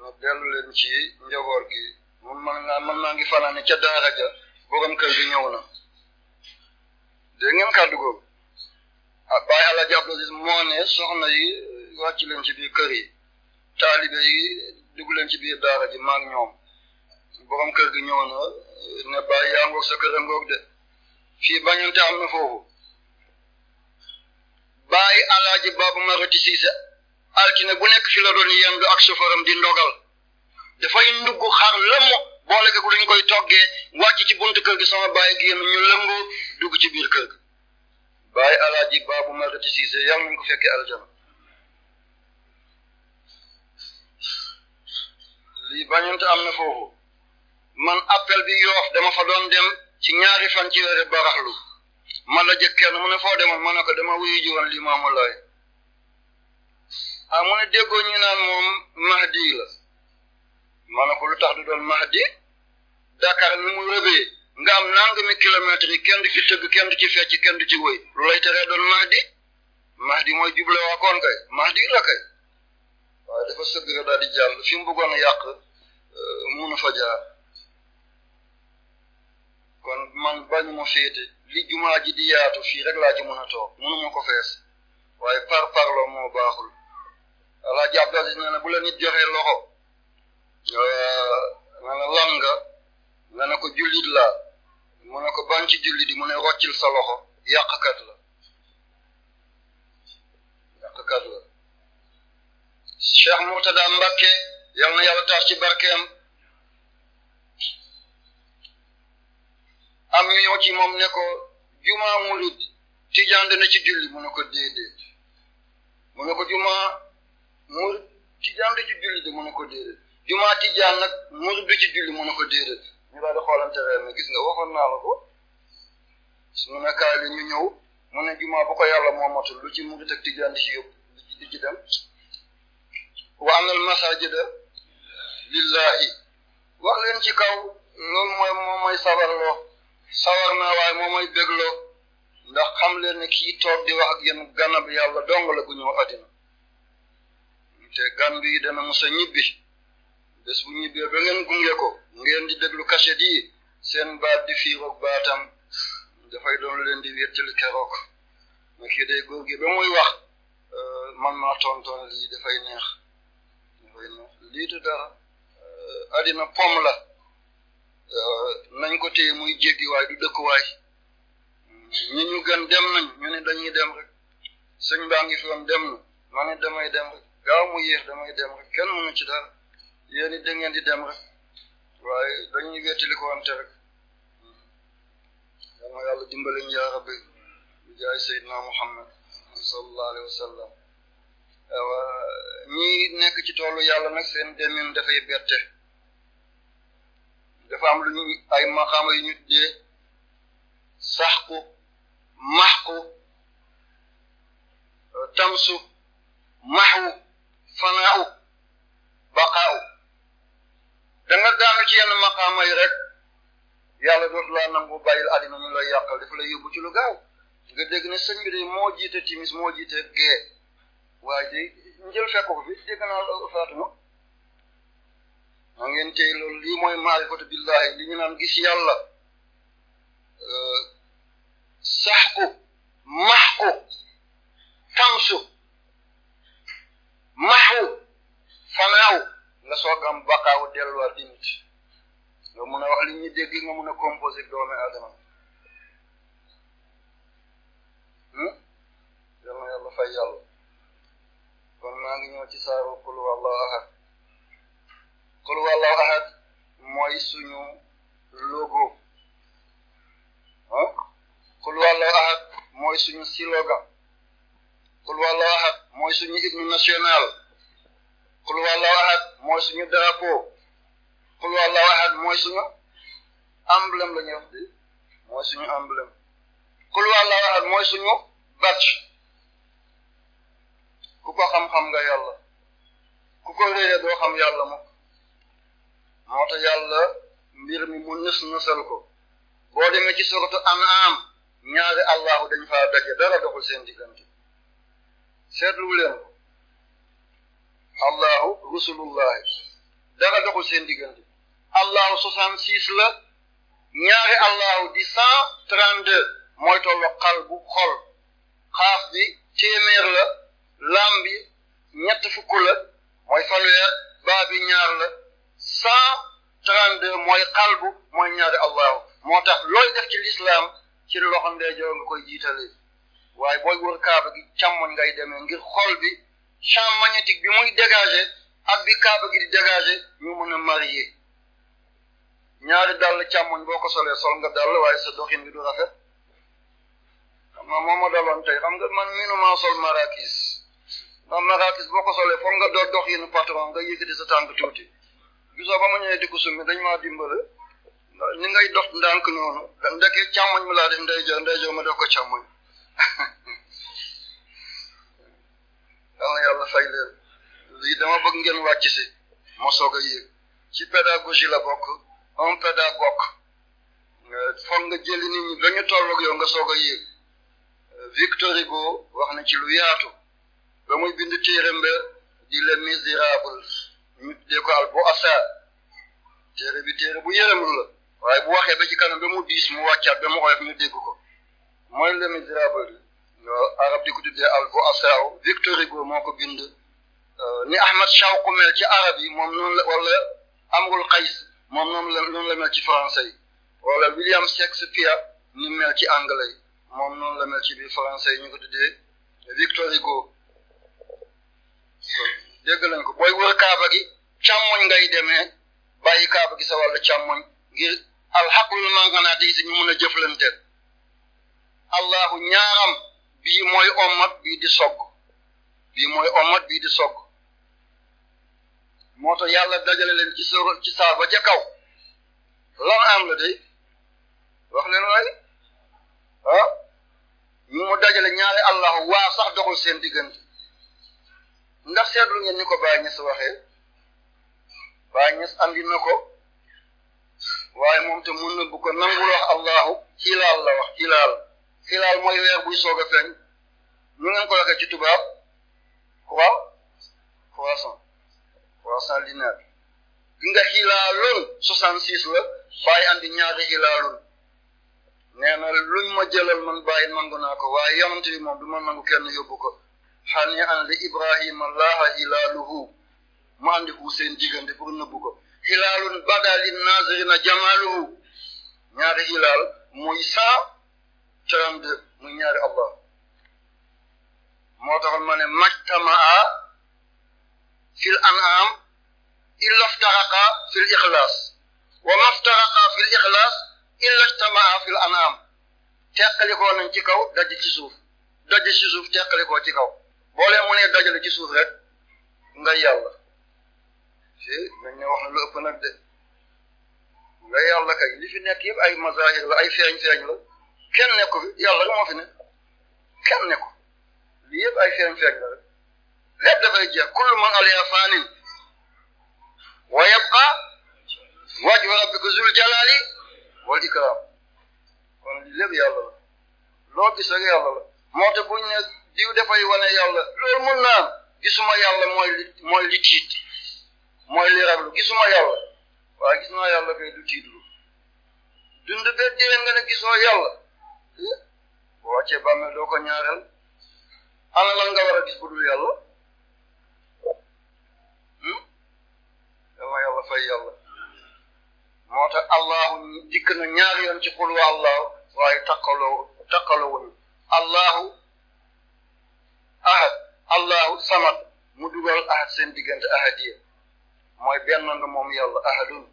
na dellu leen ci njaboot gi mun man naa man naa ngi fanaane ca daara ja kër gi ñëw na dégg ngeen kàddu googu ah Baye Alaaji Abdou Aziz moo ne yi euh, wàcc ci biir kër yi taalibe ci biir daara ji maag ñoom borom kër gi ñëw na ne baay yaa ngoog sa kër a ngoog de fii bañante am na foofu baay alaaji baabu marati siise altine bu nekk fi la doon yendu ak sofaram di ndogal dafay ndugg xar lëmm boole ko luñ koy toggee wàcc ci bunt kër gi sama baay génn ñu lëngoo dugg ci biir kër gi baay alaaji baabu marati siise yàlla nañ ko fekkee aljana lii bañante am na foofu man appel bi yoof dama fa doon dem ci ñaari fan ci weeru baraxlu ma la jëkk kenn mu ne foo demoon ma ne ko dama wuyu ji woon Limaamu Laay ah mu ne déggoo ñu naan moom Mahdi la ma lu tax du doon Mahdi Dakar ni mu rëbee nga am nangami kilomètres yi kenn du ci tëgg kenn du ci fecc kenn ci wëy lu lay teree doon Mahdi Mahdi mooy juble waa koon kay Mahdi la kay waaye dafa sëgg rek di jàll fi mu bëggoon a yàq euh, mënu fa jaar. kon man bañu ma féete li jumaa ji di yaatu fii rek laa ci mën a toog mënu ma ko fees waaye par parlo moo baaxul alaa jàbdal si nee na bu la nit loxo euh, nga ne lan ko jullit laa mu ne ko ban ci jullit yi mu ne sa loxo yàqkat la yàqkat la Cheikh Mourtada Mbacké yal na yàlla tax ci barkeem am ñu ñëw ci moom ne ko jumaa murid tijaan dana ci julli mu ne ko déedéet mu ne ko jumaa murid tijaan da de mu ne ko déedéet jumaa tijaan nag murid du mu ne ko déedéet ñu daal di xoolante reer ne gis nga waxoon naa la ko su mun a kaay li ñu ñëw mu ne jumaa bu ko yàlla moo matul lu ci murid ak tijaan di ci yóbbu di ci dem wa anal masajida lillahi wax leen ci kaw loolu mooy moom mooy sawar naa waaye moo may bégloo ndax xam leen ne kii toog di wax ak yéen ganab yàlla dong la gu ñëw àddina te gan bi dana mos a ñibbi bés bu ñibbee ba ngeen gunge ko ngeen di déglu cassette yi seen baat di fiiroog baatam dafay doon leen di wéttali keroog ma kii day góor gi ba wax euh, man maa tontoon lii dafay neex dafay neex lii dara euh, àddina pom la Euh, nañ ko téye muy jéggiwaay du dëkkuwaay ñi ñu gën dem nañ ñu ni dañuy dem rek sëñ baa ngi fi woon dem na ma ne damay dem rek gaaw mu yéex damay dem rek kenn mënu ci dara yéen it da ngeen di dem rek waaye dañuy wettali ko am wante rek yal na yàlla dimbali ñu yaa rabbi bi jaay Seydina Muhammad sallallahu alayhi wa sallam ñi nekk ci toolu yàlla nag seen demin dafay bette dafa am lu ñu ay maqaama yu ñu tuddee saxku maxku tamsu maxwu fanaaw baqaaw da nga daanu ci yenn maqaama yi rek yàlla dootu laa nangu bàyyil àddina ñu lay yàqal dafa lay yóbbu ci lu gaaw nga dégg ne sëñ bi de moo jiite timis moo jiite gee waaye de njël fi dégg naa na ngeen tey loolu lii mooy maarifatu billahi li ñu naan gis yàlla euh, sax ku max ku tamsu maxu fanaaw nga soog am bakaawu delluwaat di nit nga mun a wax li ñuy dégg nga mun a composé doomi aadama hmm? yal na yàlla fay yàlla kon naa ngi ñëw ci saaru kul wallahu ahad qul wallahu ahad mooy suñu logo ah qul wallahu ahad mooy suñu slogan qul wallahu ahad mooy suñu hymne national qul wallahu ahad mooy suñu drapeau qul wallahu ahad mooy suñu emblème la ñuy di mooy suñu emblème qul wallahu ahad mooy suñu badge ku ko xam-xam nga yàlla ku ko réye doo xam yàlla moom moo tax yàlla mbir mi mu nës nësal ko boo demee ci suratu an'am ñaari allahu dañ faa daje dara doxul seen diggante seetlu leen ko allahu rusulullahi dara doxul seen diggante allahu soixante six la ñaari allahu di cent trente deux mooy tollu xal bu xol xaaf bi téeméer la lam bi ñett fukk la mooy fanweer baa bi ñaar la cent trente deux mooy xalbu mooy ñaari allahu moo tax looy def ci lislaam ci loxo ndeyjoor nga koy jiitale waaye booy wër kaaba gi càmmoñ ngay demee ngir xol bi champ magnétique bi muy dégager ak bi kaaba gi di dégager ñu mën a marier ñaari dall càmmoñ boo ko solee sol nga dàll waaye sa doxin bi du rafet xam nga moom ma daloon tey xam nga man miinu maa sol marakis ndax marakis boo ko solee foog nga doon doxinu patron nga yëkkati sa tànk tuuti biso ba ma ñëwee di ko summi dañ maa dimbale ni ngay dox ndànk noonu ndeke càmmoñ mu laa def ndeyjoor ndeyjoor ma def ko càmmoñ yal na yàlla fay leen lii dama bëgg ngeen wàcc si ma soog a yéeg ci pédagogie la bokk un pédagogue euh, foog nga jëli nit dañu toll ak nga soog a yéeg euh, Victor Hugo wax na ci lu yaatu bind téeram di Les Misérables ñu tuddee ko al bu téere bi téere bu yërëmlu la waaye bu waxee ba ci kanam ba mu diis mu wàccaat ba mu oyof ñu dégg ko mooy Le Misérable arab di ko tuddee al bu Victor Hugo moo ko bind euh, ni Ahmad Shawqi mel ci arab yi moom noonu la wala Amrul Qays moom noonu la noonu mel ci français yi wala William Shakespeare ni mel ci anglais moom noonu la mel ci biir français yi ñu ko Victor Hugo dégg lañ ko booy wër kaaba gi càmmoñ ngay demee bàyyi kaaba gi sa wàll càmmoñ ngir alxaqul manqanaat yi ñu mën a jëflanteel allahu ñaaram bi mooy ommat bii di sogg bii mooy ommat bii di sogg moo tax yàlla dajale leen ci sor ci saar ca kaw lan am la de wax leen waay ñu ah? mu dajale ñaari allahu waa sax doxul seen diggante ndax seetlu ngeen ni ko Baye Niass waxee Baye Niass andi na ko waaye moom te mun na bu ko nangul wax allahu xilaal la wax xilaal xilaal mooy weer buy soog a feeñ lu ngeen ko waxee ci tubaab croix croissant croissant lunaire bi nga xilaaloon soixante six la bàyyi andi ñaari xilaaloon nee luñ ma jëlal man bàyyi nangu naa ko waaye yonent bi moom du ma nangu kenn yóbbu ko hani'an li ibrahima laaha hilaaluhu ma andi ko seen diggante pour nëbbu ko hilaalun bada lin nazirina jamaaluhu ñaari hilaal mooy cent trente-deux muy ñaari allah moo taxoon ma ne majtamaa fil an'am illa ftaraqa fil ixlaas wa ma ftaraqa fil ixlaas illa jtamaa fil an'am teqalikoo nañ ci kaw daj ci suuf daj ci suuf teqalikoo ci kaw boole leen mënee dajale ci suuf rek nga yàlla si dañ wax na lu nag de nga yàlla kay li fi nekk yëpp ay mazahir la ay feeñ-feeñ la kenn nekku fi yàlla rek moo fi nekk kenn nekku li yëpp ay feeñ-feeñ la rek lépp dafay jeex kullu man alayha faanin wa yabqa wajhu rabbika zul jalali wal ikram kon li lépp yàlla la loo gis rek la moo tax buñ ne diw dafay wane yàlla loolu mën naa gisuma yàlla mooy li li tiit mooy li raglu gisuma yàlla waaye gis naa yàlla kay du tiitlu dund ba dee nga ne gisoo yàlla boo wàccee bàmme doo ko ñaareel ana lan nga gis bu dul yàlla hmm? dama yàlla fay yàlla moo tax allahu dikk na ñaari yoon ci xul wa allahu waaye takkaloo takkaloo wuñu allahu ahad allahu samad mu dugal ahad seen diggante ahadiya mooy benn nga moom
yàlla ahadun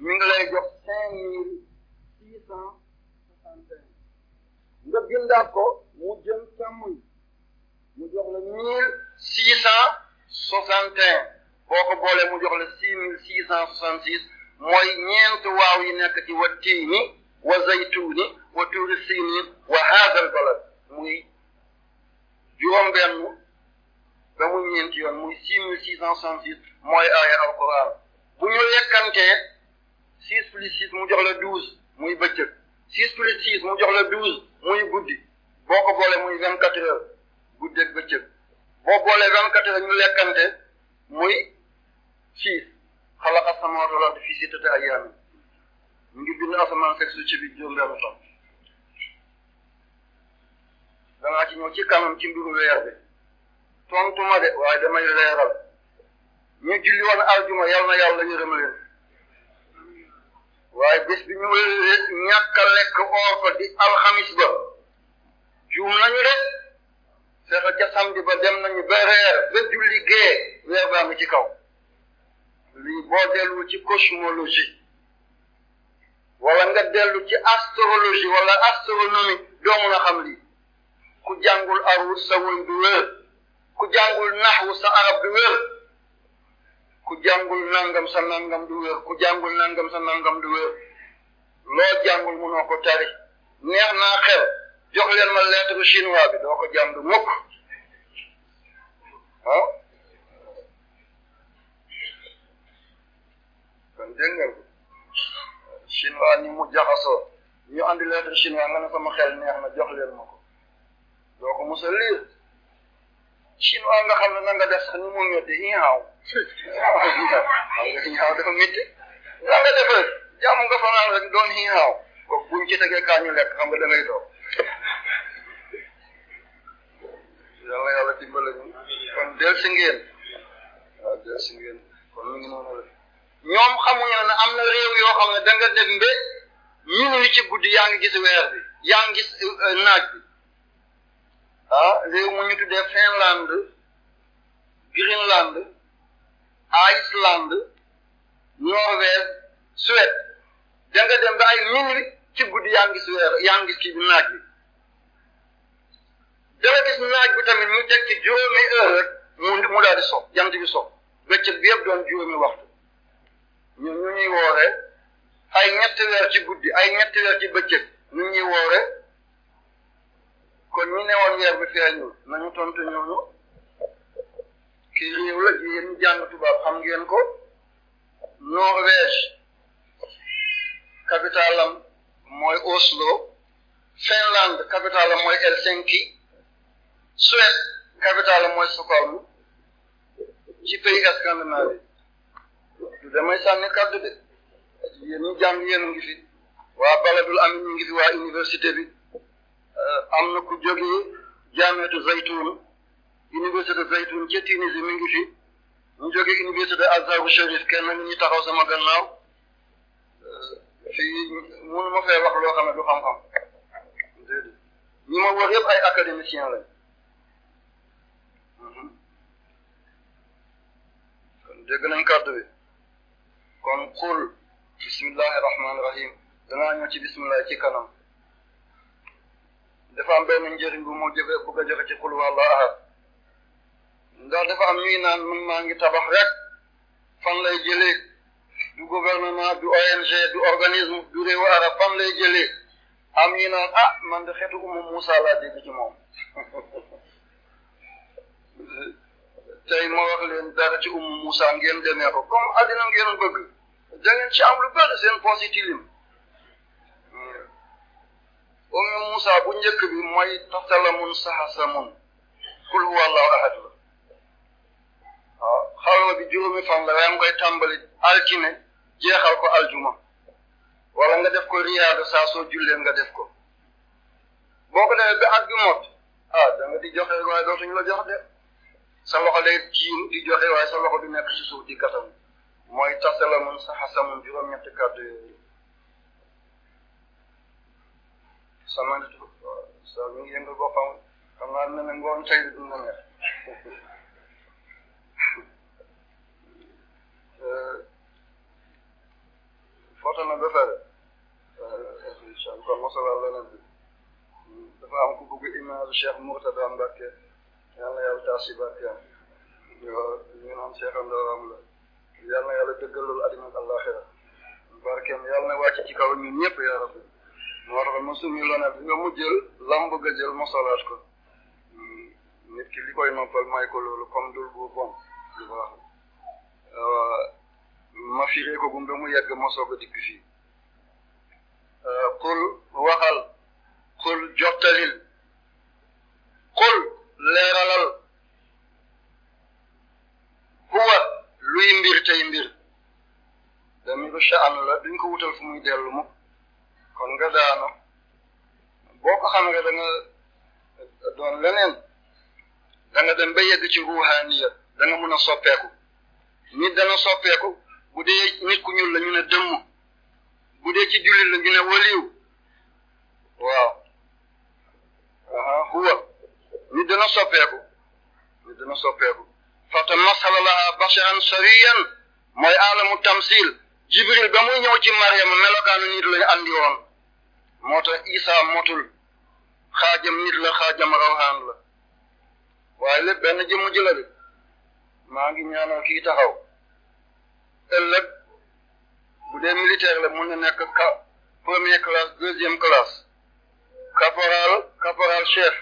mi ngi lay jox cinq
mille six nga bindaat ko mu jëm càmmoñ mu jox la mille six cent soixante un boo ko boolee mu mille six cent soixante six mooy ñeent waaw yi nekk ci wa tiini wa zaytuuni wa tuuri siiniin wa haazal balad muy juróom benn ba mu ñeenti yoon muy six mille six cent soixante six mooy aaya alquran bu jox mu jox la douze muy boo ko boolee muy vingt quatre heures guddeeg bëccëg boo boolee vingt quatre heures ñu lekkante muy six xalaqa samaawaati wal arda fii sittati ayyaamin ñu ngi bind asamaan seeg suuf ci biir juróom-benn fan ma de waaye damay leeral ñu julli woon aljuma yal na yàlla yërëm leen waaye bés bi ñu ñàkk a lekk oor di alxamis ba juum nañu de fexe ca samedi ba dem nañu ba reer ba julli gee weer baa ngi ci kaw lii boo dellu ci cosmologie wala nga dellu ci astrologie wala astronomie doo mun xam lii ku jàngul arus sa wun ku jàngul naxwu sa arab du ku jàngul nangam sa nangam du wér ku jàngul nangam sa nangam du wér loo jàngul munoo ko tari neex naa xel jox leen ma lettre chinois bi doo ko
jàng mukk ah kon dégg nga chinois ni mu
jaxasoo ñu andi lettre chinois nga ne sama xel neex na jox leen ma ko doo ko mos a lire chinois nga xam ne na nga def sax ni mu métti ñaaw ñaaw dafa métti na nga defee jàmm nga fanaan rek doon ñaaw ko buñ ci tegee kaa ñu lekk xam nga da ngay yal na si ngeen waaw del si ngeen kon ñoom xamuñu am na réew yoo xam ne da nga dem ba minuit ci guddi yaa ngi gis weer bi yaa ngi gis euh, euh, naaj bi ah réew mu ñu tuddee Finland Greenland Iceland Norvège Suède da dem ba ay minuit ci guddi yaa ngi gis weer yaa ngi gis naaj bi danga gis naaj bi tamit mu teg ci juróomi mu mu daal di so jant bi so bëccëg bi yëpp doon juróomi waxtu ñun ñu ñuy woore ay ñetti weer ci guddi ay ñetti weer ci bëccëg ñu ñuy woore kon ñu newoon weer bi feeñul nañu tontu ñooñu kii réew la ji yéen jàng tubaab xam ngeen ko Norvège capitalam mooy Oslo Finlande capitalam mooy Helsinki Suède capitale mooy Stockholm ci pays scandinave du damay sànni kàddu de yéen ñu jàng yéen a ngi fi waa Baladil Amine ngi fi waa université bi euh, am na ku jógee jaamiatu Zaytun université Zaytun ca Tunisie mi ngi fi ñu jógee université Azharu Sharif kenn nit ñi taxaw sama gannaaw euh, fii mënu ma fee wax loo xam ne du xam-xam ñi ma wër yëpp ay académiciens lañ. Mhm.
kon dégg nañ kàddu bi kon xul bismillahi rahmaani rahim
ci bisimilah ci kanam dafa am benn njëriñ bu moo jëfe bëgg a joxe ci xul wàllu ahad ñuy naan man maa ngi tabax rek fan lay jëlee du gouvernement du ONG du organisme du réewu arab fan lay jële am ñuy naan ah man de xeetu umu Moussa laa dégg ci moom tey ma wax leen dara ci umm ngeen demee ko comme àddina ngeen bëgg da ngeen ci seen positif hmm. umu Moussa bu njëkk bi mooy taxtalamun saxasamun kul huwallahu ahad la ah, waaw xalwa bi fan la waaye nga koy tàmbali altine jeexal ko aljuma wala nga def ko riyaada saa soo nga def ko boo ko defee ba at bi mot ah, nga di joxe waaye dootuñu la jox de sa loxo lay jiin di joxe waaye sa du nekk ci suuf di katam mooy tasala mun sa xasamun juróom-ñetti kàddu yooyu sama sa mi ngi yëngal boppam xam naa ne ne ngoon tey du na neex foto na ba pare
incha allah mosala leneen bi dafa am ku bëgg image Cheikh Mourtada Mbacke yal na yàlla taas si barkeem yoo ñu am seexandooram la
yal na yàlla dëggalul addina ak àllaaxira barkeem yal na wàcc ci kaw ñun ñëpp yaa rabbi moo tax mu suñu la ne bi nga mu jël lam bëgg a jël mosalaat ko nit ki li koy noppal may ko loolu dul bu bon lu baax euh, ma firee ko gum ba mu yegg ma soog a dikk fii qul euh, waxal qul jottalil qul leeralal huwa luy mbir tey mbir dami ko sha'anu la duñ ko wutal fu muy dellu mu kon nga daano boo ko xam nga da nga doon leneen danga nga dem ba yegg ci mun a soppeeku nit dana soppeeku bu dee nit ku ñuul la ñu ne dëmm bu dee ci jullit la ñu ne waliw waaw aha huwa ñu dina soppeeku ñu dina soppeeku fata masalalaha basharan sawiyan mooy alamu tamsil jibril ba muy ñëw ci mariam melokaanu nit lañu andi woon moo tax isa motul xaajam nit la xaajam rawhaan la waaye lépp benn jëmm ji la bi maa ngi ñaanal kii taxaw ëllëg bu dee militaire la mun na nekk ka première classe deuxième classe caporal caporal chef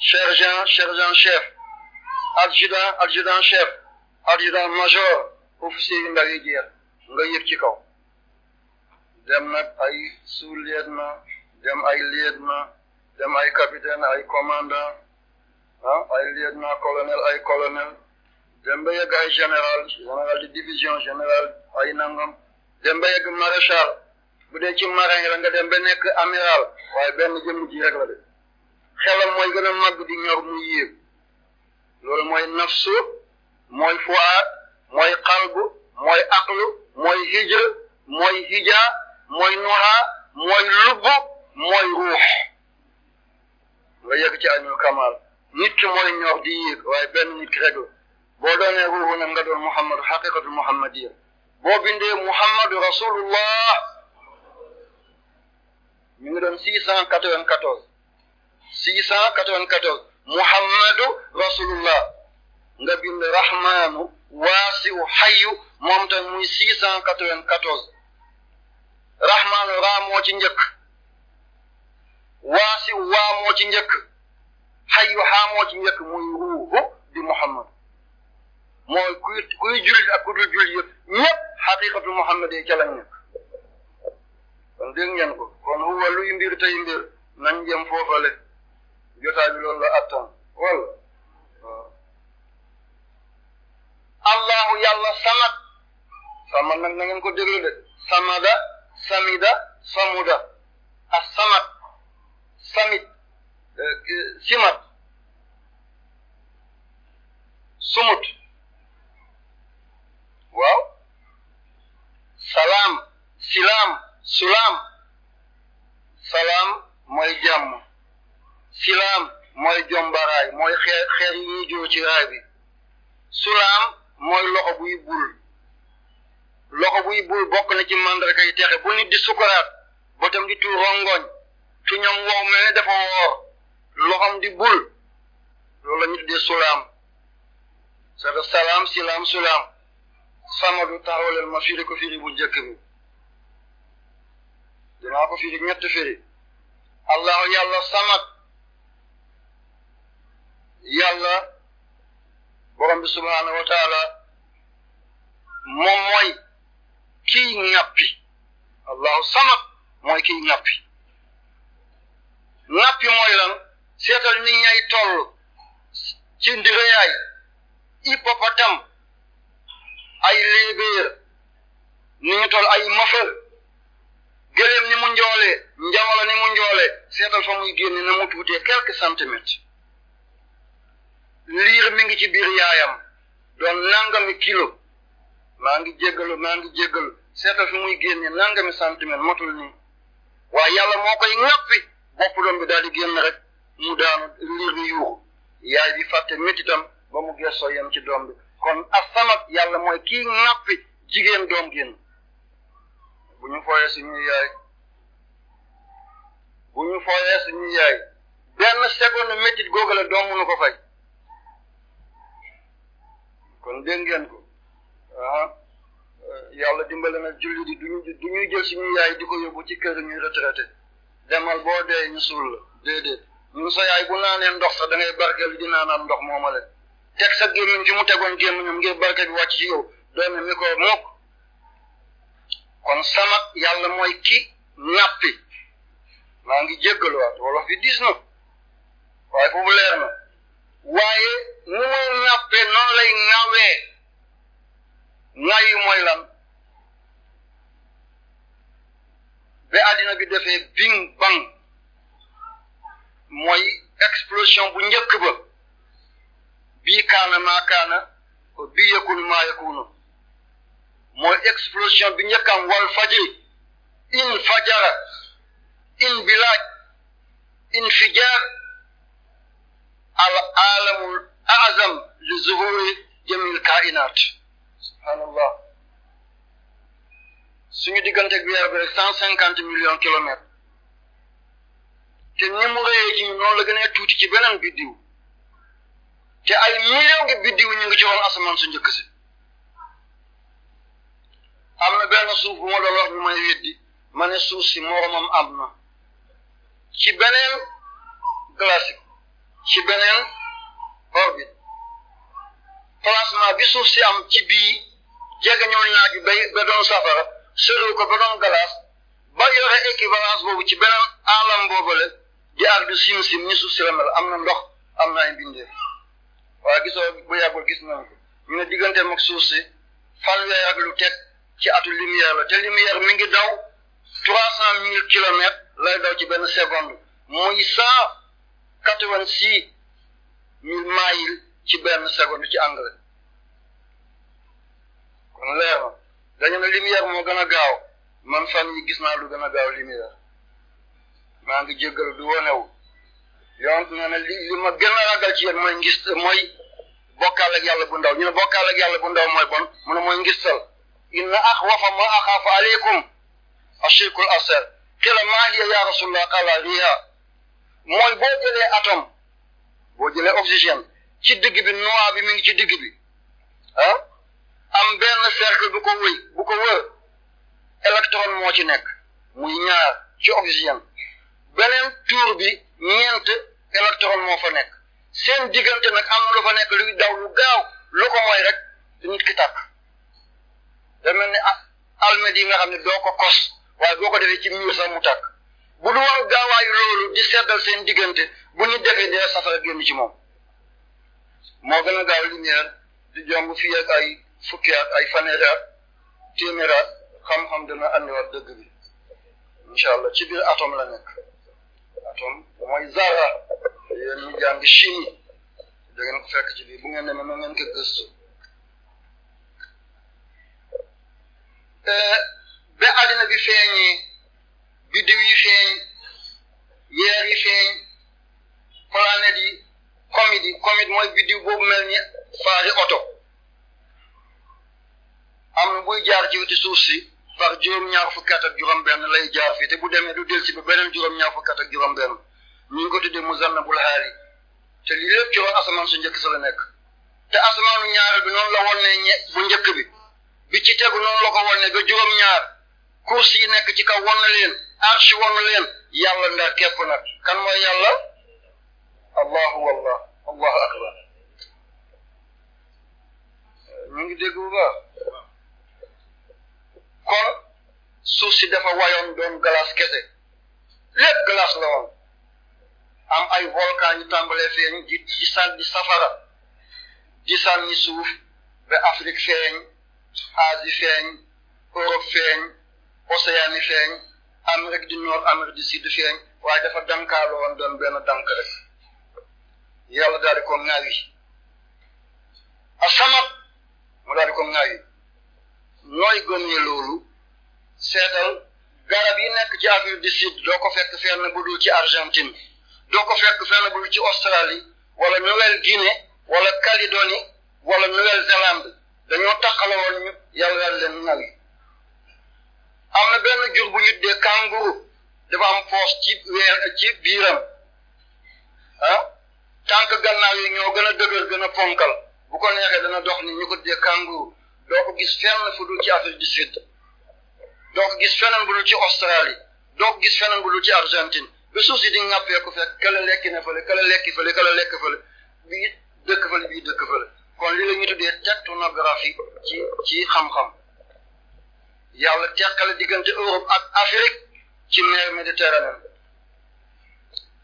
sergent sergent-chef adjudant adjudant-chef adjudant-major officier yu ndaw yi jeex nga yëg ci kaw dem nag ay sous-lieutenant dem ay lieutenant dem ay capitaine ay commandant ah ay lieutenant colonel ay colonel dem ba yegg ay général général de division général ay nangam dem ba yegg maréchal bu dee ci marin la nga dem ba nekk amiral waaye benn jëmm ji la de xelam mooy gën a màgg di ñor mu yéeg loolu mooy nafsu mooy fuaad mooy qalbu mooy aqlu mooy hijra mooy hija mooy nuha mooy lubbu mooy ruux nga yegg ci añul kamal nit ki mooy ñor di yéeg waaye benn nit ki rek boo doonee ruuxu nag nga doon muhammadu xaqiqatu muhammadiya boo bindee muhammadu rasulullah ñu ngi doon six cent quatre-vingt-quatorze 694 muhammadu rasulullah nga bind rahmaanu waasiu xayu moom tam muy 694 rahmaanu raa moo ci njëkk waasiu waa moo ci njëkk xayu xaa moo ci njëkk muy ruuhu di muhammad mooy kuy kuy jullit ku dul jullit yëpp ñëpp xaqiqatu muhammad yi ca lañ nekk kon dégg ko kon huwa luy mbir tey mbir nañ jëm foofale jotaay bi loolu attan wala waaw allahu yàlla samad samad nag na ngeen ko déglu de samada samida samuda ak samad samit eh, eh, simat sumut waaw salaam silaam sulaam salaam mooy silaam mooy jombaraay mooy xeer xeer yi ñuy joo ci raay bi sulaam mooy loxo buy bul loxo buy bul bokk na ci màndarga yi texe bu nit di sukuraat bëtam di tuur rongoñ tuñam wow mel ne dafa woor loxom di bul loolu la ñu tuddee sulaam sa salaam silaam sulaam samadu taxawaleel ma firi ko firi bu njëkk bi dinaa ko firi ñett firi allahu yàlla samad yàlla borom bi subhaanahu wa taala moom mooy kiy ŋàppi allahu samad mooy kiy ŋàppi ŋàppi mooy lan seetal ni ñay toll ci ndigayaay ipopotam ay léebéer ni ñu toll ay mafër gëléem ni mu njoolee njamala ni mu njoolee seetal fa muy génne na mu tuutee quelques liir mi ngi ci biir yaayam doon nangami kilo maa ngi jéggalu maa ngi jéggalu seetal fi muy génne nangami centimètre motul nii waaye yàlla moo koy ŋàppi bopp doom bi daal di génn rek mu daanu liir mi yaay bi fàtte métitam ba mu gëstoo yem ci doom bi kon asamat yàlla mooy kii ŋàppi jigéen doom génn bu ñu fooyee suñuy ñu fooyee suñuy yaay benn seconde métit googu la doom mënu ko fay kon dégg ngeen ko ah yàlla na julli di duñu du ñuy jël suñu yaay di ko yóbbu ci kër ñuy retraité demal boo dee ñu suul la déedéet ñun sa yaay bu naanee ndox sax da ngay barkeel di naanaan ndox moomale teg sa gémmiñ fi mu tegoon gémmiñam ngir barke bi wàcc ci yow doone mi ko mukk kon samak yàlla mooy ki nappi maa ngi jéggaluwaat wolof yi diis na waaye foofu leer na waaye nu muy ŋàppee noonu lay ŋawee ŋaw yi mooy lan ba àddina bi defee bing bang mooy explosion bu njëkk ba bii kaana maa kaana bii yëkkul maa yëkkunu mooy explosion bi njëkkam wal fajri in fajara in bilaaj in fijaar al alamul azam li zuhuri jamil kainat subhanallah suñu diggante ak weer bi rek cent cinquante millions kilomètres te ni mu réyee ci noonu la gën tuuti ci beneen biddiw te ay millions ngi biddiw ñu ngi ci woon asamaan su njëkk si am na benn suuf bu ma doon wax may weddi ma ne suuf si am na ci beneen glacier ci beneen orbite placement bi suuf si am ci bii jege ñoo ñaaju bay doon safara sori ko ba doon glace ba yore équivalence boobu ci beneen alam boobale di ardu sim sim ni suuf si la mel am na ndox am na ay mbindeef waaye gisoo bu yàggul gis nañ ko ñu ne diggante mag suuf si fanweer ak lu teg ci atu lumière la te lumière mi ngi daw trois cent mille kilomètres lay daw ci benn seconde muy saa quatre-vingt-six mille ci benn seconde ci engrais kon leer na dañu ne moo gën a gaaw man fan yi gis naa lu gën a gaaw lumière maa ngi jéggal du wonewu yonent na ne li ma gën a ragal ci yéen mooy ngis mooy bokkaal ak yàlla bu ndaw ñu ne bokkaal ak yàlla bu ndaw mooy bon mu ne mooy ngistal inna axwafa ma axaafa aleykum ashirkul asar qila ma hiya ya rasulullah qala riha mooy boo jëlee atome boo jëlee oxygène ci digg bi noix bi mi ngi ci digg bi ah, am benn cercle bu ko wëy bu ko wër électron moo ci nekk muy ñaar ci oxygène beneen tour bi ñeent électron moo fa nekk seen diggante nag am lu fa nekk luy daw lu gaaw lu ko mooy rek nit ki tàkk da mel ni almet yi nga xam ne doo ko kos waaye boo ko defee ci miir sax mu tàkk bu du woon gaawaayu loolu di seddal seen diggante bu ñu defee dina safara génn ci moom moo gën a gaaw lumière di jomb fii ak ay fukki at ay fanweeri at téeméeri at xam-xam dana andiwaat dëgg bi incha allah ci biir atome la nekk atome mooy zara yéen ñu jàng chimie da fekk ci biir bu ngeen demee ma ngeen ko gëstu eh, ba àddina bi feeñee biddiw yi feeñ weer yi feeñ planète yi comète yi comète mooy biddiw boobu mel ni faari oto am na buy jaar ci wetu suuf si par juróom-ñaar fukki at ak juróom-benn lay jaar fii te bu demee du delsi ba beneen juróom-ñaar fukki at ak juróom-benn ñu ngi ko tuddee muzannabul haali te lii ci woon asamaan su njëkk sa la nekk te asamaanu ñaareel bi noonu la woon ñe bu njëkk bi bi ci tegu noonu la ko woon ba juróom-ñaar course yi nekk ci kaw woon leen. arsh woon leen yàlla nda képp nag kan mooy yàlla allahu wallah allahu akbar ñu ngi dégg bu baax suuf si defa wayoon doon glace kese lépp glace la woon am ay volcan yu tàmbalee feeñ di di sànni safara di sànni suuf ba Afrique feeñ Asie feeñ Europe feeñ Océanie feeñ Amérique di Nord Amérique du Sud feeñ waaye dafa dankaaloo woon doon benn dank rek yàlla daal di ko ŋaaw yi asamat mu daal ko ŋaaw yi nooy gën loolu seetal garab yi nekk ci Afrique du Sud doo ko fekk fenn bu dul ci Argentine doo ko fekk fenn bu dul ci Australie wala Nouvelle-Guinée wala Calédonie wala Nouvelle-Zélande dañoo taxala woon ñu yàlla leen ŋaaw yi am na benn jur bu ñu dee kangourou dafa am force ci weer ci biiram ah tànk gannaaw yi ñoo gën a dëgër gën a ponkal bu ko neexee dana dox ni ñu ko dee kangourou doo ko gis fenn fu dul ci Afrique du Sud ko gis feneen bu dul ci Australie doo gis feneen bu dul ci Argentine ba suuf si di ŋàppee ko fekk kala lekki na fële kala lekki fële kala bii dëkk fële bii dëkk fële kon li la ñu tuddee tectonographie ci ci xam-xam yàlla teqale diggante Europe ak Afrique ci mer Méditerranée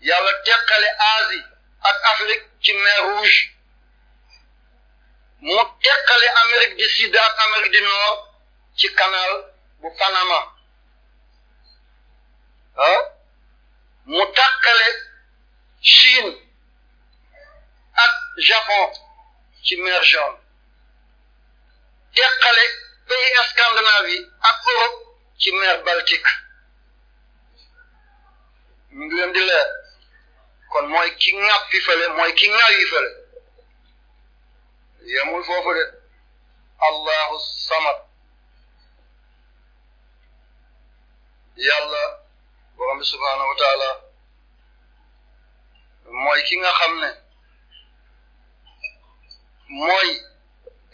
yàlla teqale Asie ak Afrique ci mer Rouge mu teqale Amérique du Sud ak Amérique du Nord ci canal bu Panama ah mu teqale Chine ak Japon ci mer Jaune teqale. pays Scandinavie ak Europe ci mer Baltique ñu ngi leen di kon mooy ki ŋàppi fële mooy ki ŋàyyi fële yemul foofu de allahu samad yàlla borom bi mooy ki nga xam ne mooy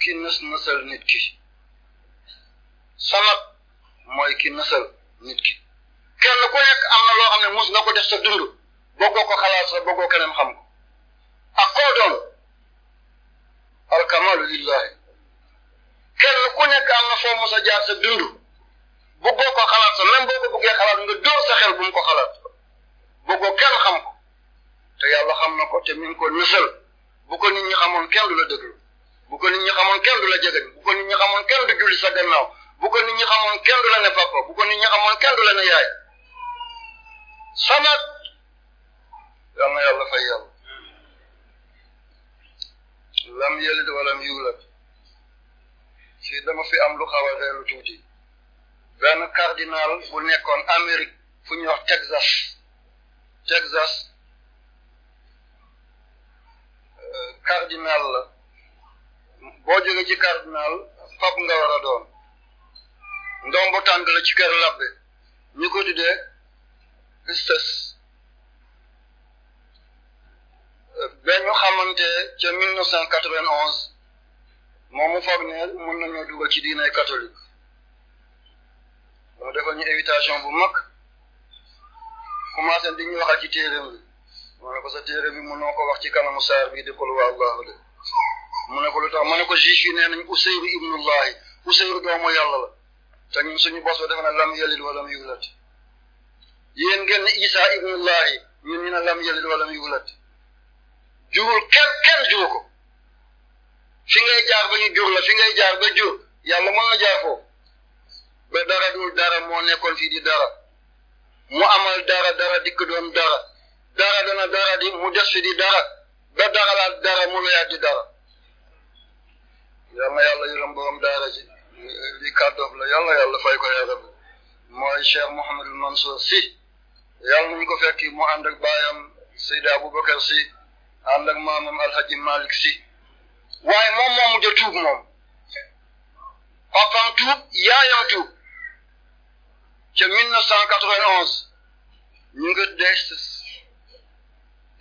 ki nës nësal nit ki sabab mooy ki nasal nit ki kenn ku nekk am na loo xam ne mus nga ko def sa dund bëggoo ko xalaat sa bëggoo keneen xam ko ak koo doon alkamalu lillahi kenn ku nekk am na foo mus a jaar sa dund bëggoo ko xalaat sa même boo ko bëggee xalaat nga dóor sa xel bu mu ko xalaat bëggoo kenn xam ko te yàlla xam na ko te mi ko nësal bu ko nit ñi xamoon kenn du la déglu bu ko nit ñi xamoon kenn du la jegeñ bu ko nit ñi xamoon kenn du julli sa gannaaw bu ko nit ñi xamoon kenn du la ne papa bu ko nit ñi xamoon kenn du la ne yaay samat yal na yàlla fay yàlla lam yalid walam yuulad fii dama fi am lu xaw a reelu tuuti benn cardinal bu nekkoon Amérique fu ñuy wax Texas Texas euh, cardinal la boo jógee ci cardinal pap nga war a doon ndongo tànk la ci kër labbe ñu ko tuddee stas ba ñu xamante ca 1991 moom mu foog ne mën nañoo dugal ci diinay catholique mu defal ñu bu mag commencé di ñu waxal ci téeréem bi ma ne ko sa bi mënoo ko wax ci kanamu saar bi di qul huwa allahu de mu ne ko lu tax ma ne ko juif yi nee nañ Useyru ibnullahi Useyru doomu yàlla la te ñun suñu bos ba dafa na lam yalid wa lam yulad ngeen ne Isa ibnullahi ñun ñu ne lam yalid wa lam yulad jurul kenn kenn fi ngay jaar ba ñu jur la fi ngay jaar ba jur yàlla mën na jaar foofu ba dara dul dara moo nekkoon fii di dara mu amal dara dara dikk doon dara dara dana dara di mu des fi di dara ba dara laa dara mu loyaat di dara yàlla yàlla yërëm borom daara ji li kàddoom la yàlla yàlla fay ko yaa rabbi mooy Cheikh Mouhamadul Mansour si yàlla nañu ko fekki mu ànd ak baayam Seydi Aboubacar si ànd ak maamam Alhaji Malick si waaye moom moo mujj tuub moom papaam tuub yaayam tuub ca 1991 ñu ngi des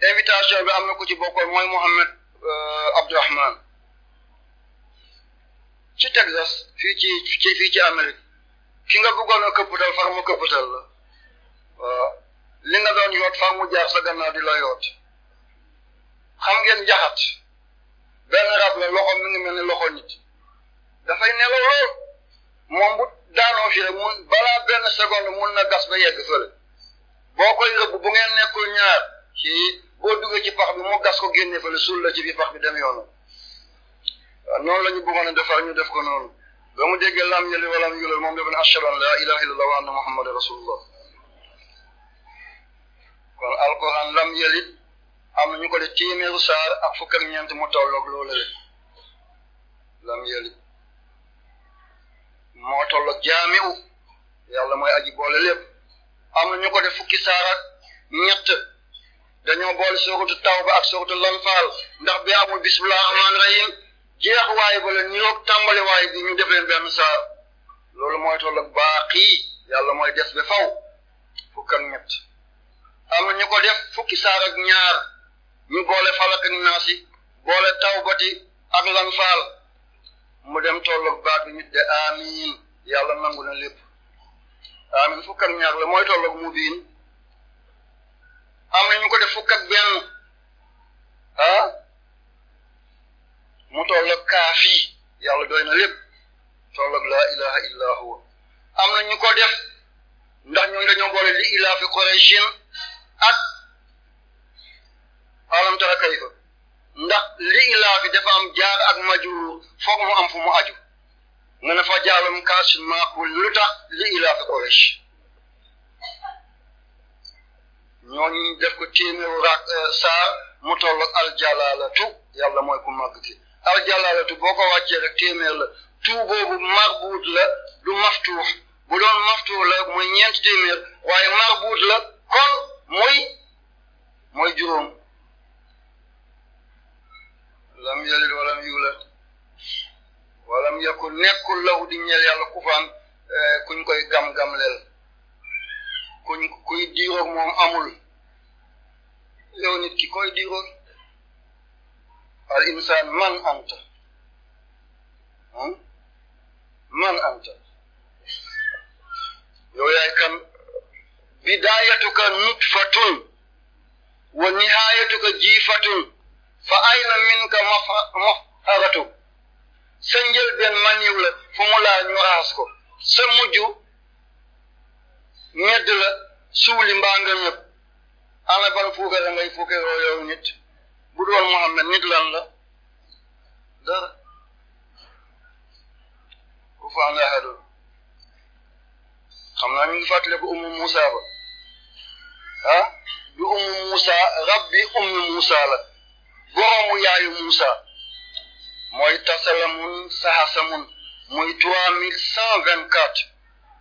invitation bi am na ku ci bokkoon mooy Mouhamed euh, Abdourahman ci Texas fii ci ci fii ci Amérique ki nga bëggoon a këppatal far mu këppatal la waaw li nga doon yoot far mu jaar sa gannaaw di la yoot xam ngeen jaxat benn rab la loxo mi ngi mel ni loxo nit dafay nelaw lool moom bu daanoo fi mun balaa benn seconde mun na gas ba yegg fële boo koy rëbb bu ngeen nekkul ñaar ci boo duggee ci pax bi mu gas ko génne fële suul la ci bi pax bi dem yoonam noonu la ñu bëggoon a defar ñu def ko noonu ba mu déggee lam yële wala mu yële moom dafa ne ashhadu an laa ilaha illallah wa anna muhammadan rasulullah kon alquran lam yëlit am na ñu ko de téeméeru saar ak fukk ak mu tolloog loolu le lam yëlit moo tolloog jaami'u yàlla mooy aji boole lépp am na ñu ko de fukki saar ak ñett dañoo boole sóoratu tawba ak sóoratu lanfaal ndax bi amul bismillah rahmaan rahim jeex waaye ba la niroog tàmbali waaye bi ñu def leen benn saa loolu mooy toll ak baaqi yàlla mooy des ba faw fukk ak ñett am na ñu ko def fukki saar ak ñaar ñu goole falak ak naasi boole tawbati ak lan faal mu dem toll ak baat ñu de amiin yàlla nangu na lépp amiin fukk ak ñaar la mooy toll ak mubiin am na ñu ko def fukk ak benn ah. mu tolloog kaafi yàlla doy na lépp tolloog laa ilaha illa huwa am na ñu ko def ndax ñun dañoo boole li ilaa fi qurayshin ak alam tara kayfa ndax li ilaa fi dafa am jaar ak majur foog mu am fu mu aju nga ne fa jaalum kaasin maakul lu tax li ilaa fi quraysh ñooñu def ko téeméeru euh, saar mu tolloog aljalaalatu yàlla mooy ku màgg al jàllalatu boo ko wàccee rek la tuu boobu marbuut la lu maftuux bu doon maftuux la muy ñeent téeméer waaye marbuut la kon muy mooy juróom lam yalid walam yuulad walam yakun nekkul lahu di ñeel yàlla kufaan eh, kuñ koy gam-gamleel kuñ kuy diiroog moom amul yow nit ki koy diiroog al insan man anta hmm? man anta yow yaay kan bidayatuka nutfatun wa nihayatuka jiifatun fa ayna minka mafharatu sa njëlbeen maniw la fu mu laa ñu raas ko sa ñedd la suuli mbaa nga ñëpp ana ban fuukare ngay fuukaroo yow nit bu doon Muhammad nit lan la dara ku fa am laa xam naa ñu ngi fàttale ko ummu Musa ba ah du ummu Musa rabbi ummu Musa la boromu yaayu Musa mooy tasalamun saxasamun muy trois mille cent vingt quatre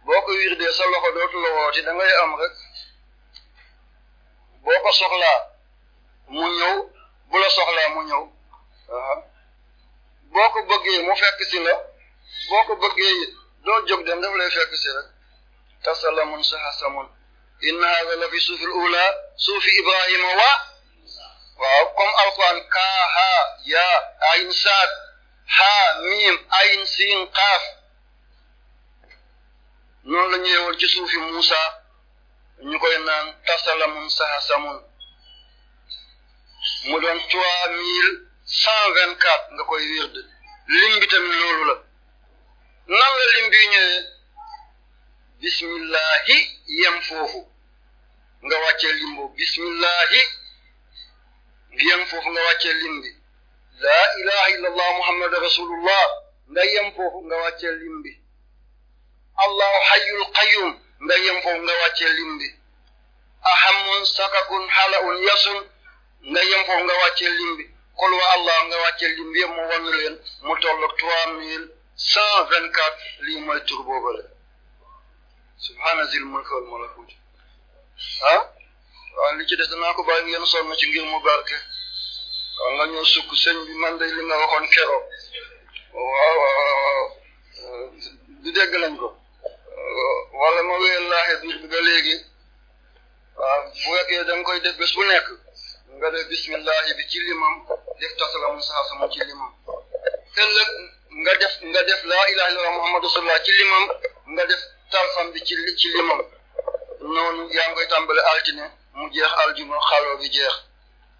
boo ko wirdee sa loxo dootu la wooti da am rek boo ko soxlaa mu ñëw bu la soxlaa mu ñëw boo ko bëggee mu fekk si la boo ko bëggee doo jóg dem daf lay fekk si rek tasalamun sahasamun inna hada la fi suufil ula suufi ibrahima wa waaw comme alquran ka ha ya ayn saad ha miim ayn siin qaaf noonu la ñëwoon ci suufi muusa ñu koy naan tasalamun sahasamun mu doon trois mille cent vingt quatre nga ko wird lim bi tamit loolu la nan la lim bi ñëwee bismillahi foofu nga wàccee lim boobu bismillahi yem foofu nga laa ilaha illallah muhammad rasulullah nga yem foofu nga wàccee lim bi allahu hayyul qayyum nga yem foofu nga wàccee lim bi ahamun sakakun halaun yasun nga yem foofu nga wàccee lim bi wa allah nga wàccee lim bi mu wan leen mu toll ak trois mille cent vingt quatre lii mooy tur boobale subhaana zil mulk wal malakut ah waaw li ci des danaa ko bàyyi ngeen sonn ci ngir mu barke waaw nga sukk sëñ man de li nga waxoon keroog waaw waaw du dégg lañ ko wala ma wéyal laaxe bi ba léegi waaw bu fekkee da nga koy def bés bu nekk nga def bismillahi bi ci limam def tasalamu saasama ci limam ëllëg nga def nga def laa ilaha illallah muhammadu rasulullah ci limam nga def tarfam bi ci ci limam noonu yaa ngi koy altine mu jeex aljuma xaloo bi jeex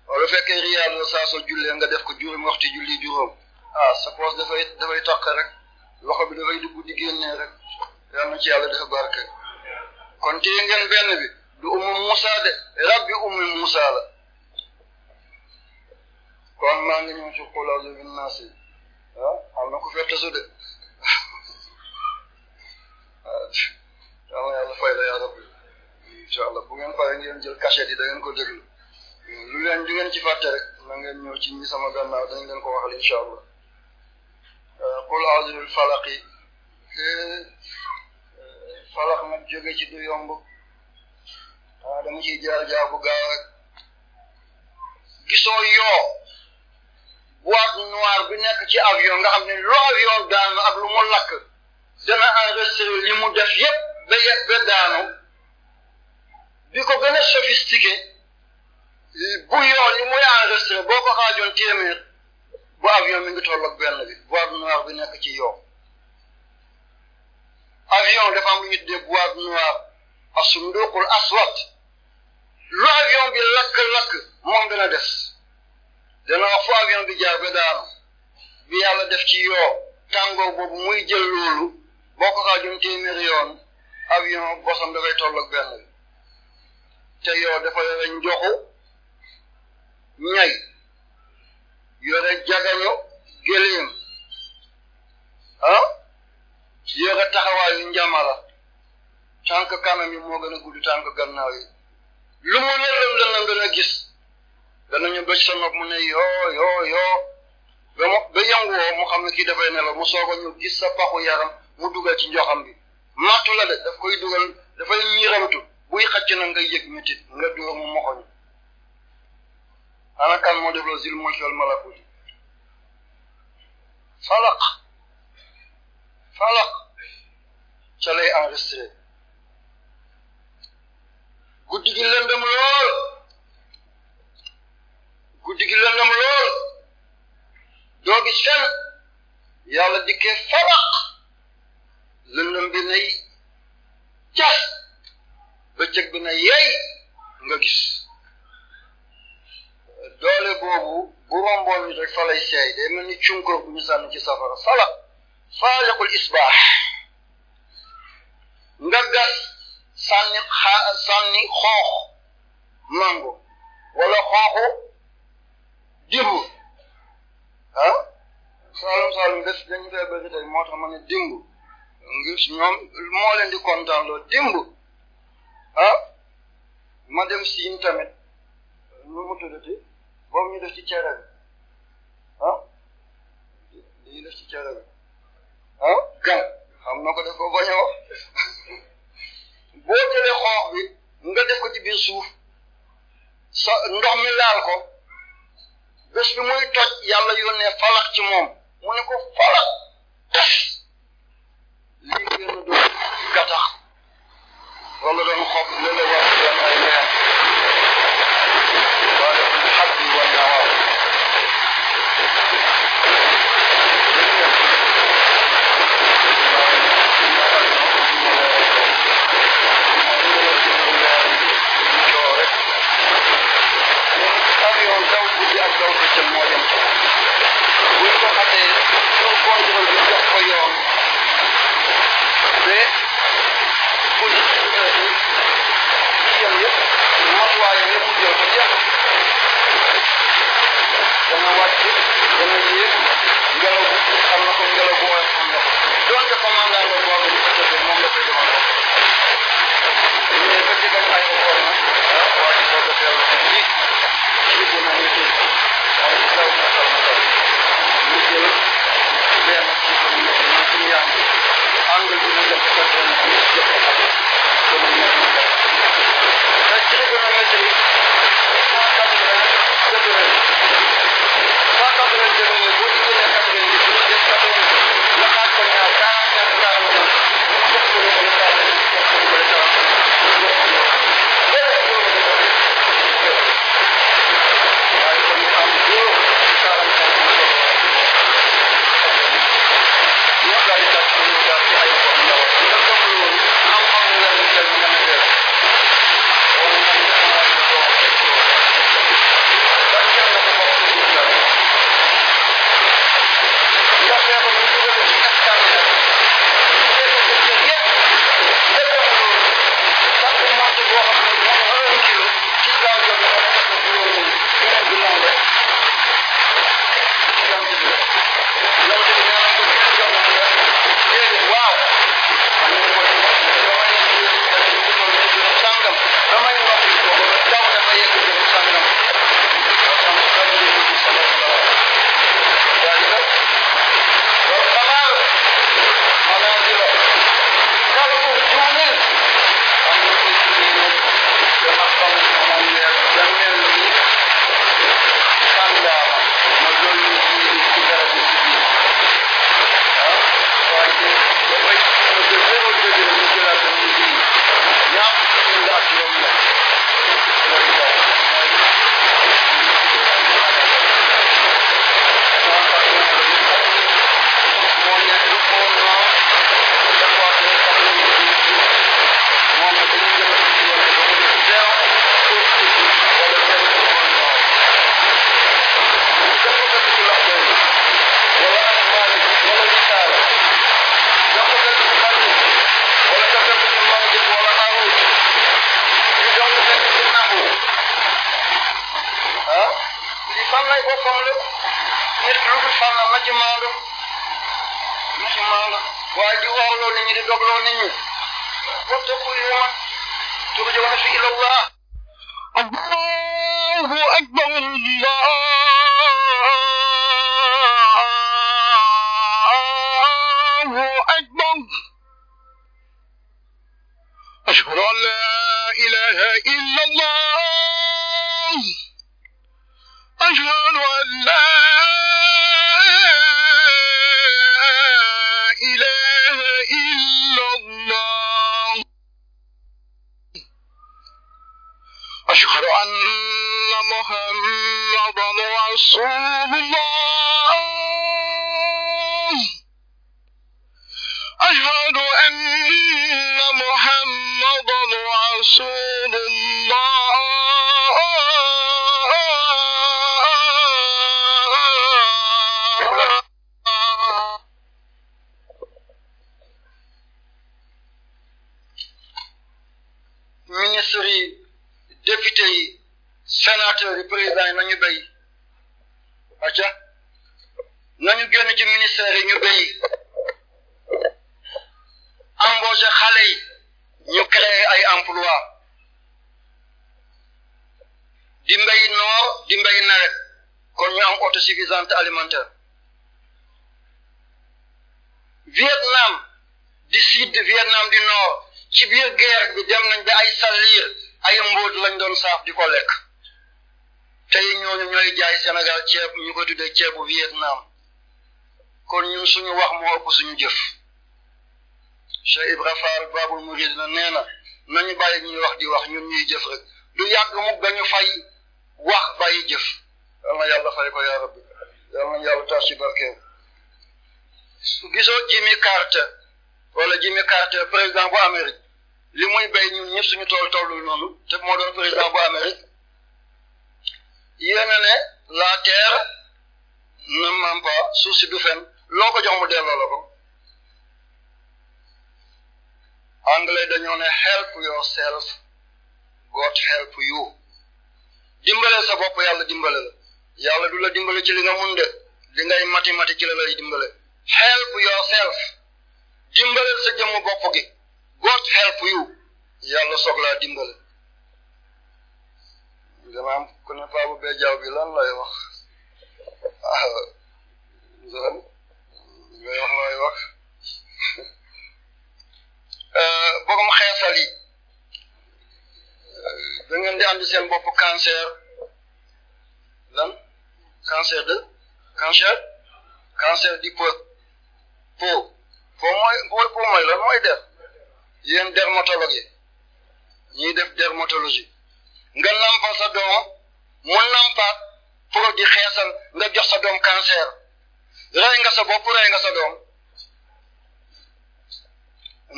wala fekke riyaad la saa soo jullee nga def ko juróom waxtu julli juróom ah sa poos dafay dafay toq rek loxo bi dafay dugg di génnee rek yal na ci yàlla dafa kon téye ngeen benn bi du umu Musa de rabbi umu Musa la ko maa ngi ñu ci xulaa bi min naas yi ah, na ku fekk su de waaw ah, yàlla fay la yaa rabbi incha bu ngeen paree ngeen jël cachet yi da ngeen ko déglu lu leen du ngeen ci fàtte rek na ngeen ñëw ci ñi sama gannaaw dañ leen ko waxal incha allah qul ah, a'uuzu bil falaq yi eh, falaq nag ci du yomb ah jaar jaar bu gaaw rek gisoo boîte noire bi nekk ci avion nga xam ne lu avion daanu ak lu mu lakk dana enregistré li mu def yépp ba yegg daanu bi ko gën a sophistiqué bu yoon li muy enregistré boo ko xaajoon téeméer bu avion mi ngi toll ak benn bi boîte noire bi nekk ci yoon avion dafa am lu ñu tuddee boîte noire asunduqul aswat lu avion bi lakk-lakk moom danaa foogeen bi jaar ba daanu bi yàlla def ci yoo tàngoor boobu muy jël loolu boo ko xaajoon téeméeri yoon avion bosam dafay toll ak benn bi te yoo dafa yore njoxu ñay yore jagañu gëléem ah yore taxawaayu njamara tànk kanam yi moo gën a gudd tànk gannaaw yi lu mu lëndëm lëndëm gën gis danañu bëj sa mu ne yoo yoo yoo ba mu ba yënguwoo mu xam ne kii dafay nelaw mu soog a ñu gis sa paxu yaram mu dugal ci njoxam bi mattu la de daf koy dugal dafay ñiiramtu buy xacc nga yëg métit nga dóor mu moxoñu ana kan moo def la zil mulki wal malakuti falaq falaq ca lay enregistré guddi gi lëndëm lool guddi gi lëndam lool doo gis fenn yàlla dikkee fabaq lëndam bi nay cas bëccëg bi na yey nga gis doole boobu bu romboon nit rek falay seey day mel ni cunkoor bu ñu sànni ci safara fala faaliqul isbaax nga gas sànni xoox mango wala xooxu démb ah Saalum Saalum bés dañu fee bëgg moo tax ma ne démb ngir ñoom moo leen di kontaan loo ma dem siin tamit nu mu tuddati boobu ñu def ci cere bi ah ñu def ci cere yónnee falax ci moom mu ne ko falax boppam la nit lu
dul fànn na ci
maandu na ci maandu waaye di warloo nit ñi di dogloo nit ñi wattaqu yawman turja'una fiihi ila Allah
Allahu akbar Allah أشهد أن لا إله إلا
الله ولا
إله إلا الله
أشهد أن محمدا رسول الله أشهد أن محمدا رسول député yi sénateur yi président yi nañu béy acca nañu génn ci ministère yi ñu béyi embauché xale yi ñu créer ay emploi di mbéy noor di mbéy nawet kon ñu am autosuffisance alimentaire Vietnam di sud Vietnam di nord ci biir guerre bi dem nañ ba ay salir ay mbóot lañ doon saaf di ko lekk tey ñooñu ñooy jaay Sénégal ceeb ñu ko tuddee ceebu Vietnam kon ñun suñu wax moo ëpp suñu jëf Cheikh Ibra Fall Babul Mouridina nee na nañu bàyyi ñuy wax di wax ñun ñuy jëf rek du yàgg mukk dañu fay wax bàyyi jëf yal na yàlla fay ko yaa rabbi yal gisoo Jimmy Carter wala Jimmy Carter président bu Amérique li muy béy ñun ñëpp suñu tool tollu noonu te moo doon président bu Amérique yéen a ne la terre ne ment pas si du loo ko jox mu delloo la ko anglais help yourself God help you dimbale sa bopp yàlla dimbale la yàlla du la dimbale ci li nga mun de li ngay mati mati ci la lay dimbale help yourself dimbale sa jëmm bopp gi God help you yàlla soxlaa dimbale dama ku ne Paa bee jaww bi lay wax ah zone lay wax looy wax eh, borom xeesal eh, andi seen bopp cancer lan cancer de cancer cancer du peau peau peau mooy peau mooy lan mooy def. yéen dermatologue yi def dermatologie nga nampal sa doom mu nampaat produit xeesal nga jox sa doom cancer rey nga sa bopp rey nga sa doom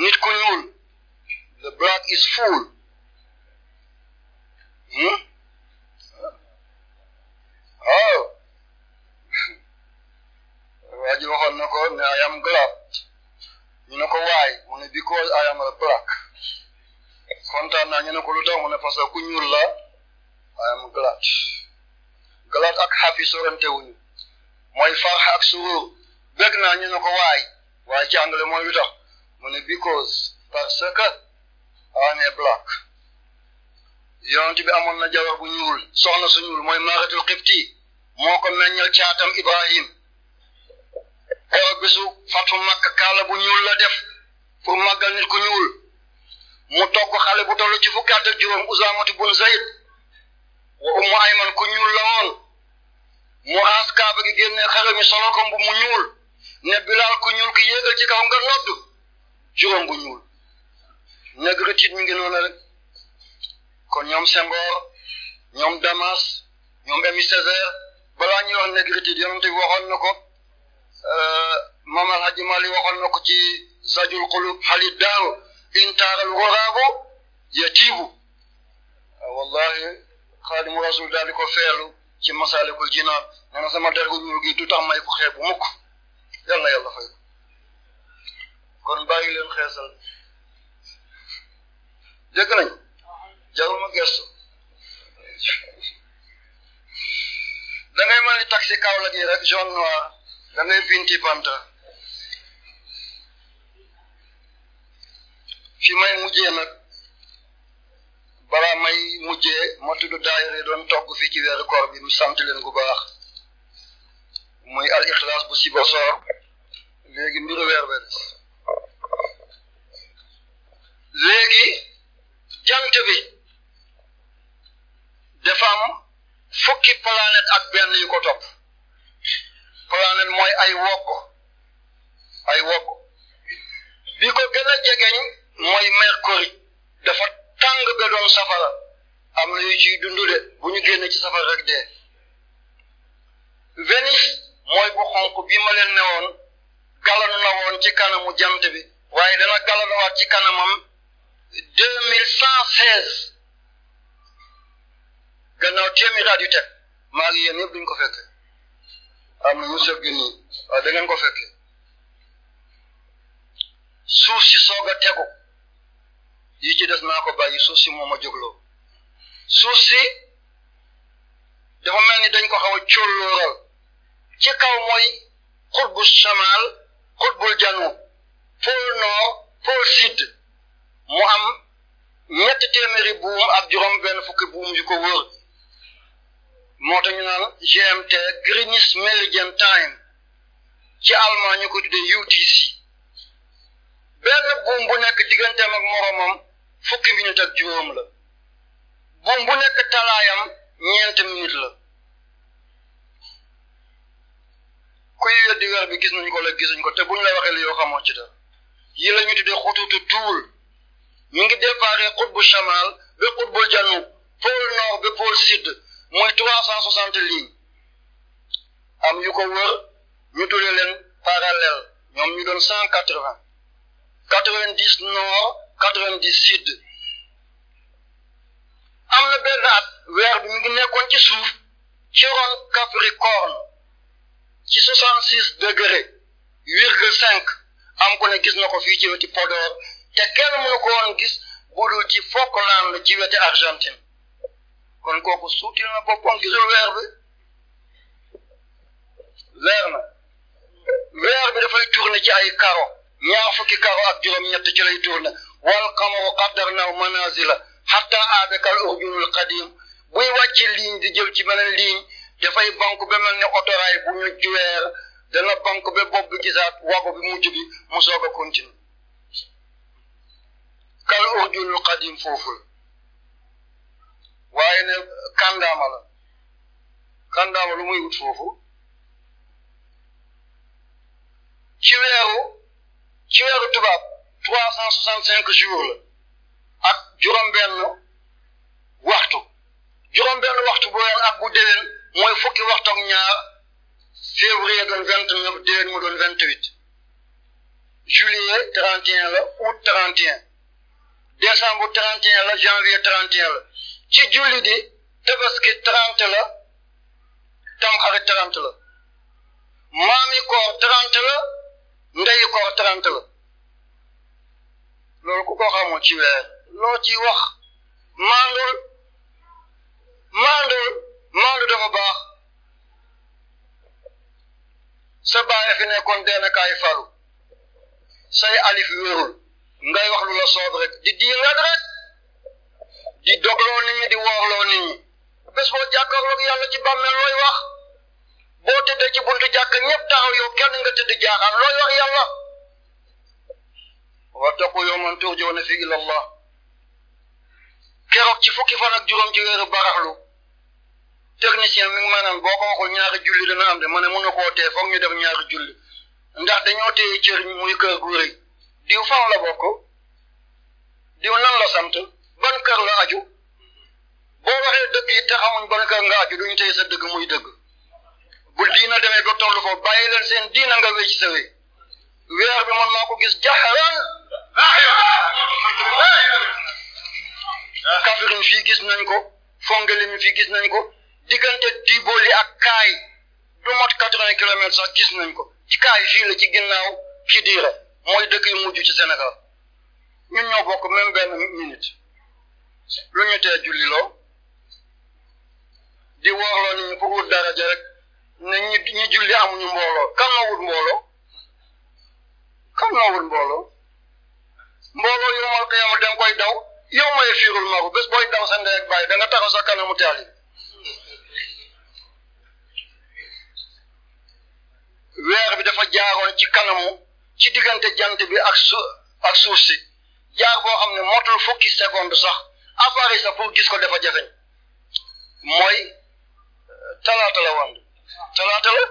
nit ku ñuul the black is fool hmm? oh waa ji na ko ne I am ñu ne ko waay mu ne because I am a black kontaan naa ñu ne ko lu tax mu ne parce ku ñuul la I am glad glad ak happy sorante wuñu mooy farx ak surur bëgg naa ñu ne ko waay waaye ci anglais mooy lu tax mu ne because parce que I am a black yonent amoon na jabar bu ñuul soxna su ñuul mooy maaratul xibti moo ko meññal caatam Ibrahim keroog bisu fatu Makka kaala bu ñuul la def pour màggal nit ku ñuul mu togg xale bu toll ci fukki at ak juróom Usaamatu bun Zayd wa Ummu Ayman ku ñuul la woon mu raas kaaba gi génne xare mi solo ko mu ñuul ne Bilaal ku ñuul ki yéegal ci kaw nga nodd juróom bu ñuul négritude mi ngi noonu rek kon ñoom Senghor ñoom Damas ñoom Aimé Césaire balaa ñuy wax négritude yonent bi waxoon na ko Euh, maam alhaji mali na ko ci sajul qulub xali daaru intaaral waraabu yatiibu euh, wallahi xaadimu rasul daal di ko feelu ci masaalikul jinaan nee na sama der gu ñuul gi du tax may kon bàyyi leen xeesal dégg nañ jarul ma gestu da ngay kaw la gi rek jaune lamne binti banta fi may mujjee nag balaa may mujjee ma tudd daayira doon togg fii ci weeru bi mu sant leen bu baax muy al ixlaas bu si bosoor léegi mbiru weer weer léegi jant bi dafa fukki planète ak benn yu ko topp planète mooy ay wokk ay wokk bi ko gën a jegeñ mooy mercure dafa tàng ga doon safara am na yu ciy dund de bu ñu génne ci safara rek dee Vénus mooy bu xonk bi ma leen ne woon galanu na woon ci kanamu jant bi waaye dana waat ci kanamam deux mille cent seize gannaaw téeméer rajo teg maa ngi yéen yëpp duñ ko fekk am na ñu sëgg nii ko fekkee suuf si soog a tegu yi ci des naa ko bàyyi suuf si moo ma jógloo suuf si dafa mel ni dañ ko xaw a cóllóoral ci kaw gu xutbu shamal gu janub pôle nord pôle sud mu am ñetti téeméeri buum ak juróom benn fukki buum yu ko wër moo tax ñu naan GMT Greenwich Median Time ci allemand ñu ko tuddee UTC benn buum bu nekk digganteem ak moromam fukki minute ak juróom la buum bu nekk talaayam ñeent minute la kuy weddi weer bi gis nañ ko gis gisuñ ko te buñ la waxee li yoo xamoo ci yi la ñu tuddee xutuutu tuul mi ngi déparé xutbu chamal ba bu janub pôle nord ba pôle sud mooy trois cent soixante lignes am yu ko wër ñu tuddee leen parallèle ñoom ñu doon cent quatre vingt quatre vingt dix nord quatre am na benn weer bi mu ngi nekkoon ci suuf ci ron capricorne ci soixante six degré virgule cinq am ko ne gis na ko fii ci weti Podor te kenn mënu ko woon gis budul ci Falkland ci weti Argentine kon kooku suutil na boppam gisul weer bi weer na weer bi dafay tourner ci ay karo ñaa fukki karo ak juróom-ñett ci lay tourner wal qamara qaddarnahu manazila hatta aada kal urjunul qadim buy wàcc ligne di jël ci beneen ligne dafay banque ba mel ne otoraay bu ñu juweer dana banque ba bopp bi gisaat wago bi mujj bi mu soog a kal urjunul qadim foofu waaye ne kàndaama la kàndaama lu muy wut foofu ci weeru ci trois cent soixante cinq jours la ak juróom-benn waxtu juróom-benn waxtu bu weer ak bu déwén mooy fukki waxtu ak ñaar février doon vingt neuf déwén vingt huit juillet trente et la août trente et un décembre trente la janvier trente et la ci julli di tabaski trente la tamxarit trente la maami koor trente la ndeyu koor trente la loolu ku ko xamoo ci weer loo ci wax maandul maandul maandu dafa baax sa baay fi nekkoon deen kaay falu say alif wérul ngay wax lu la soob rek di diingat rek di dogloo nit ñi di woorloo nit ñi bés boo jàkkaarloog yàlla ci bàmmeel looy wax boo tëddee ci buntu jàkk ñëpp taxaw yow kenn nga tëdd jaaxaan looy wax yàlla wattaqu yawman turjawna fi ila allah keroog ci fukki fan juróom ci weeru baraxlu technicien mi ngi maanaam boo ko waxul ñaari julli dana am de ma ne mënu koo tee foog ñu def ñaari julli ndax dañoo téye cër muy kër gu rëy diw fan la bokk diw nan la sant ban kër nga aju boo waxee dëgg yi te xamuñ ban kër nga aju duñ tey sa dëgg muy dëgg bu diina demee ba tollu foofu bàyyi leen seen diina nga wéy ci sa wéy weer bi man maa ko gis jaxaraan Kaffrine fii gis nañ ko Fongolimbi fi gis nañ ko diggante Diboli ak Kaay du mot quatre-vingts kilomètres sax gis nañ ko ci Kaay fii la ci ginnaaw Kidira mooy dëkk yu mujj ci senegal ñun ñoo bokk même benn lu ñu tee julliloo di woorloo nit ñi pour wut daraja rek ne ñi ñi julli amuñu mbooloo kan moo wut mbooloo kan moo wut mbooloo mbooloo yowmal qiyaama danga koy daw yow ma yafiirul maru bés booy daw sa ndey danga taxaw sa kanamu taali weer bi dafa jaaroon ci kanamu ci diggante jant bi ak su suuf si jaar boo xam ne motul fukki seconde sax affaire yi sax gis ko dafa jafeñ mooy euh, talaata la woon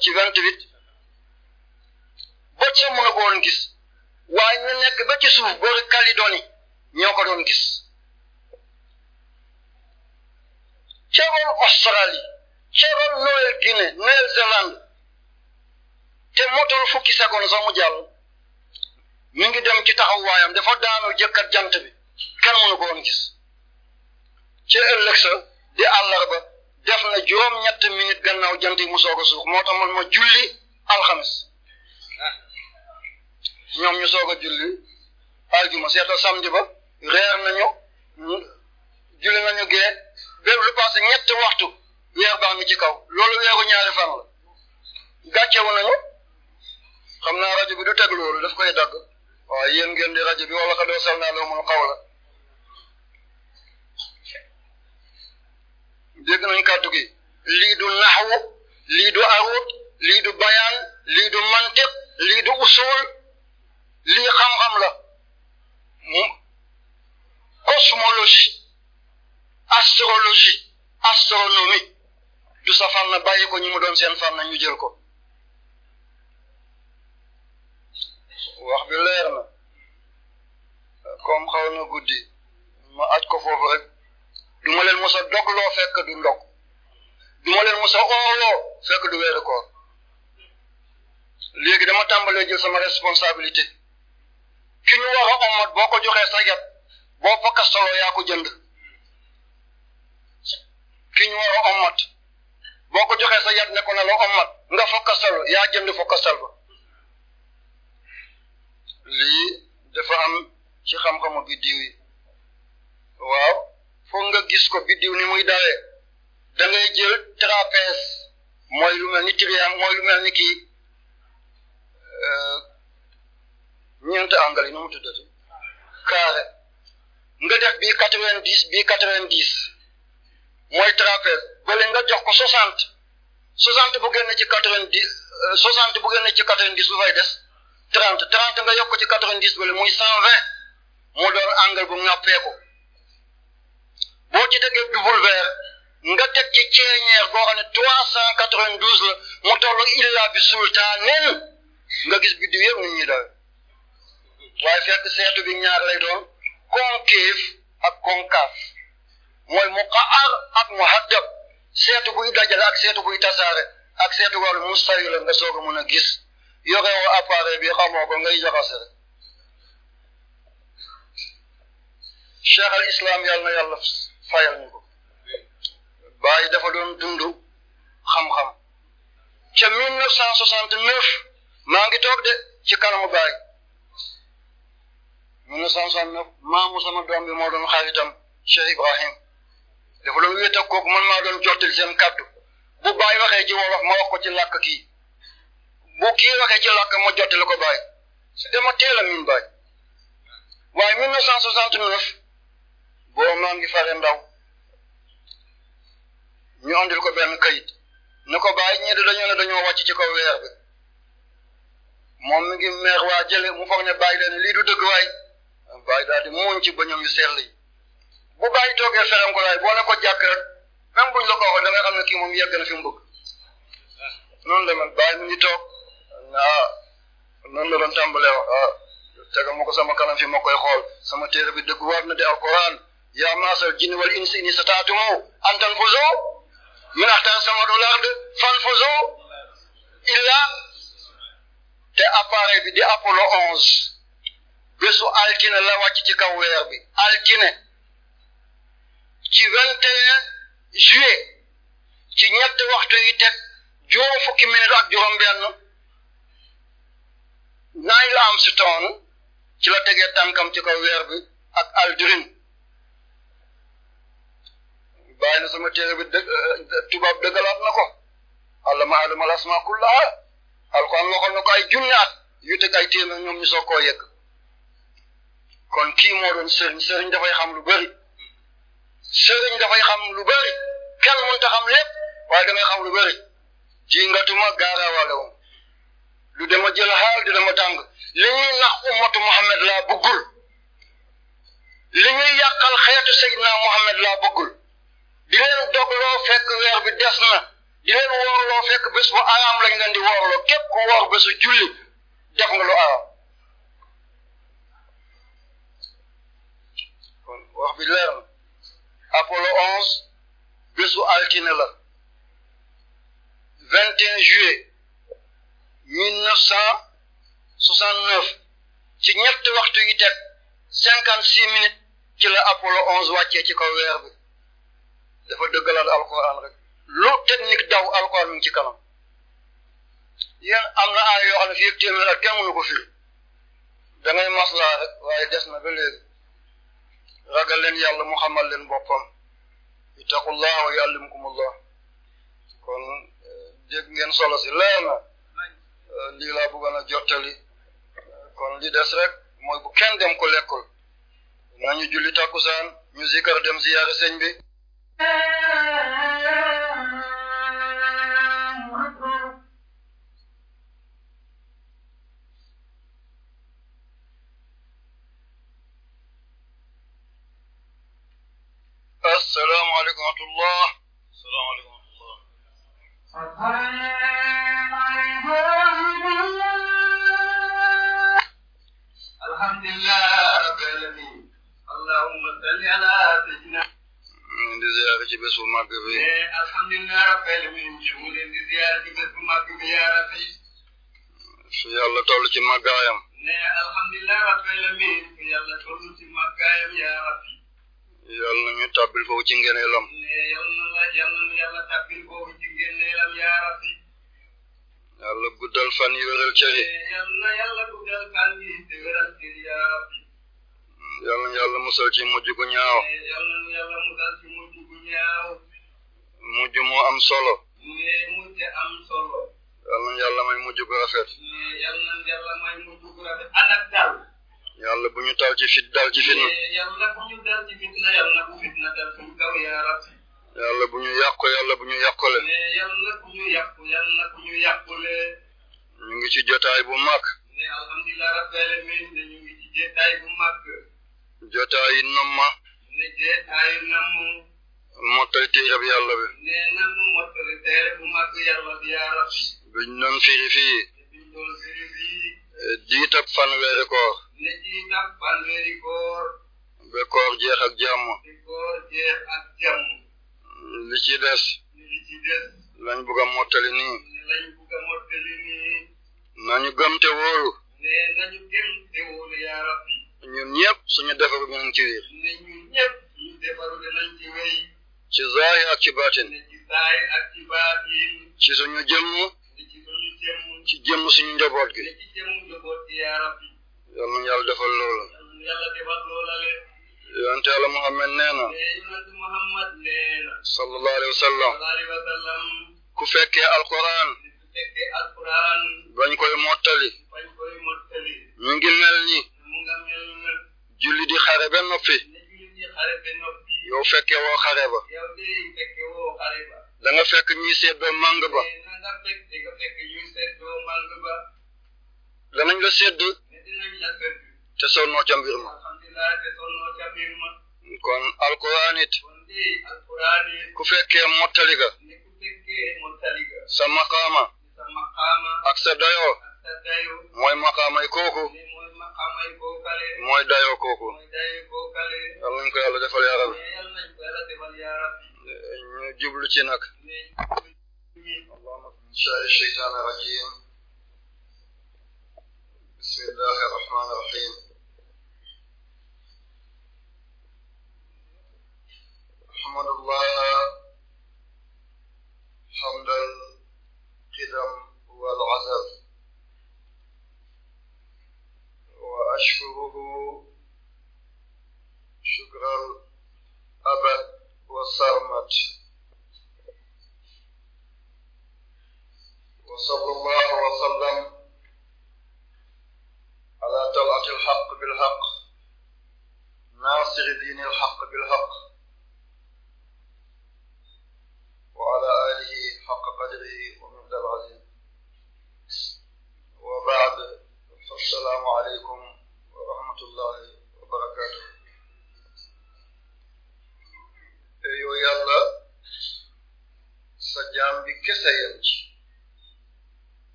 ci vingt huit bët sax mën gis waaye ñu nekk ba ci suuf boori Calédonie ñoo ko doon gis ceroon Australie ceroon Nouvelle Guinée Nouvelle-Zélande te motul fukki seconde sax mu jàll mi ngi dem ci taxaw waayam dafa daanu jëkkat jant bi kenn mënu ko gis ci ëllëg sa di àllarba def na juróom-ñett minute gannaaw jant mu soog a suux moo tax man ma julli alxames ñoom ñu soog a julli aljuma seeta samedi ba reer nañu julli nañu gee bépp lu passé ñetti waxtu weer baa mi ci kaw loolu weeru ñaari fan la gàccewu nañu xam naa rajo bi du teg loolu daf koy dagg waaw yéen ngeen di rajo bi wala ka doo sal naa loo mun xaw la dégg nañ kàddu gi lii du naxwu lii du aruud li du bayaan lii du mantiq lii du usul lii xam-xam la mu cosmologie astrologie astronomie du sa fànn bàyyi ko ñi mu doon seen fànn ñu jël ko wax bi leer na comme xaw na guddi ma aj ko foofu rek du ma leen mos a dogloo fekk du ndog du ma leen mos a ooloo fekk du weeru koor léegi dama tàmbalee jël sama responsabilité ki ñu war a boo ko joxee sa boo fakka yaa ko jënd ki ñu war a boo ko joxee sa yat ne ko na la nga fakka yaa jënd fakka solo lii dafa am ci xam-xamu bi diw waaw foog nga gis ko biddiw ni muy dawee da ngay jël trapèze mooy lu mel ni triangle mooy lu mel ni kii euh, ñeent angle yi nu mu tuddati carré nga def bii quatre-vingt-dix bii quatre-vingt-dix mooy trapèze bële nga jox ko soixante soixante bu génne ci quatre-vingt-dix euh, soixante bu génne ci quatre-vingt-dix lu des trente trente nga yokk ci quatre-vingt-dix bële muy cent vingt mu doon angle bu ŋàppee ko boo ci déggee double vert nga teg ci ceeñeer boo xam ne trois cent quatre-vingt-douze la mu toll illa bi sultaanin nga gis biddiw yëpp nit ñi waaye fekk seetu bi ñaar lay doon concave ak concave mooy muqaar ak muhaddab seetu buy dajale ak seetu buy tasaare ak seetu wàllu mustawi nga soog a mën gis yore woo appareil bi xamoo ko ngay jaxase rek cheikh al islam yàlla na fayal ñu ko dafa doon dund xam-xam ca mille neuf cent soixante neuf maa ngi toog de ci kanam bàyyi mille neuf cent soixante neuf sama doom bi moo doon xaritam Cheikh Ibrahim dafa doon wéet ak man maa doon jottil seen kàddu bu bàyyi waxee ci wolof ma wax ko ci làkk kii bu kii waxee ci làkk ma jottali ko bàyyi dama teel a miin bàyyi waaye mille boo noon ngi fare ndaw ñu andil ko benn kayit ne ko bàyyi ñii de dañoo ne dañoo wàcc ci kaw weer bi moom ngi meer waa jële mu foog ne bàyyi leen lii du dëgg waay bàyyi daal di muuñ ci bëñam yu sell yi bu bàyyi toogee feram ko laay boo ko jàkk rek même buñ ko waxee da ne kii moom yegg na fi mu bëgg noonu la mel bàyyi mi ngi toog ah noonu la doon tàmbalee ah sama kanam fi ma koy xool sama téere bi dëgg war na di alquran يا معشر الجن والإنس إن استطعتم أن تنفذوا من أقطار السماوات والأرض فانفذوا إلا te appareil bi di Apollo 11 altine la wàcc ci kaweer bi altine ci 21 juillet ci ñetti waxtu teg juróom fukki minute ak juróom-benn Neil Armstrong ci la tegee tànkam ci kaw bi ak Aldrin. bàyyi na sama téere bi euh, tubaab dëggalaat na ko allama aadama al asmaa kullaha alquran waxoon na ko ay junni at yu teg ay téeméer ñoom ñu soog koo yegg kon kii moo sëriñ sëriñ dafay xam lu bëri sëriñ dafay xam lu bëri kenn mënta xam lépp waaye dangay xam lu bëri ji ngatuma gaaraawaale woon du dama jël xaal du dama tàng li ñuy nax ummatu Muhammad laa bëggul li ñuy yàqal xeetu Seydina Muhammad laa bëggul di leen dogloo fekk weer bi des na di leen woorloo fekk bés bu araam lañ leen di woorloo képp ku woor bésu julli def lu araam kon wax leer na Apollo 11 bésu altine la 21 juillet 1969 ci ñetti waxtu yi teg 56 ci la Apollo wàccee ci kaw weer bi. dafa dëggalaat alquran rek lu technique daw alquran mu ngi ci kanam yéen am na ay yoo xam ne fii ak téeméer ak kenn mënu ko firi da rek waaye des na ba léegi ragal leen yàlla mu xamal leen boppam ittaqullah wa yuallimkumullah kon dégg ngeen solo si leer na lii a jottali kon li des rek mooy bu kenn dem ko lekkul nañu julli takkusaan ñu zikar dem ziyaare sëñ bi السلام عليكم ورحمة
الله السلام عليكم ورحمة الله di ziyaara ci bés
bu màgg bi. Eh,
mais ci bés bu màgg bi
ci màggaayam.
mais alhamdulilah rabbil ci màggaayam yaa rabbi.
yàlla na ñu tàbbil foofu ci ngëneelam.
mais yàlla fan yi wéral
yàlla na yàlla musal ci mujj gu ñaaw.
yàlla na yàlla am solo. mais mujj am solo.
yàlla mujj gu rafet. mais bu ñu taal ci fit dal ci fitna.
Eh, yàlla bu ñu dal ci fitna
bu ñu yàqu yàlla ñu eh, ñu ngi ci jotaay bu mag.
Eh, jotaayu namma. ne jotaayu nammu.
mottali téereb yàlla bi.
nee nammu mottali téere bu mag yàlla bi
biñ doon firi fii.
biñ doon firi
fii. diitab fanweeri koor.
ne diitab fanweeri koor. ci des. li ci des.
lañ bugg a mottali nañu gëm te wóolu. ñun ñëpp suñu defaru dinañ ci wéer ne ci wéy ci zaahir ak ci baatin ci
zaahir ak ci baatin
ci jëmm ci suñu suñu njaboot gi ci
jëmm njaboot gi yaa rabbi
yal nañu yàlla defal loola
yàlla defal loola le
yonente yàlla ku fekkee alquran ku nga noppi yow fekke woo xare ba da nga fekk ñuy seddoo màng ba danañ la sedd te sonnoo ca mbir ma kon alquran it ku fekkee mottali ga sa maqaama ak sa dayoo mooy maqaamay kooku
mooy dayoo kooku nañ ko yàlla defal yaa rabbi ñu
jublu ci nag
allahumma shaari shaytaan rajim bismillahi rahmaani rahim alhamdulillah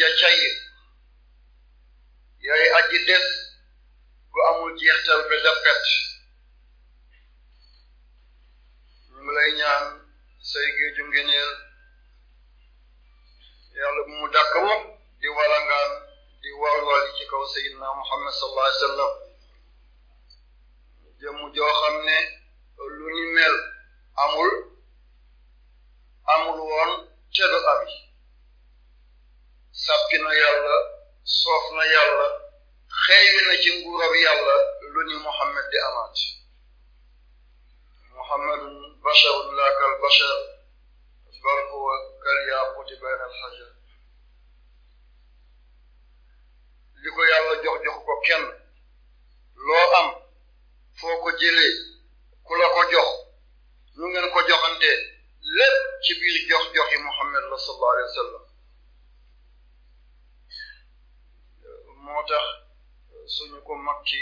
ya Jair alxajar li ko yàlla jox jox ko kenn loo am foo ko jëlee ku la ko jox lu ngeen ko joxante lépp ci biir jox joxi Muhammad la sallallahu alayhi wa sallam moo tax ko mag ci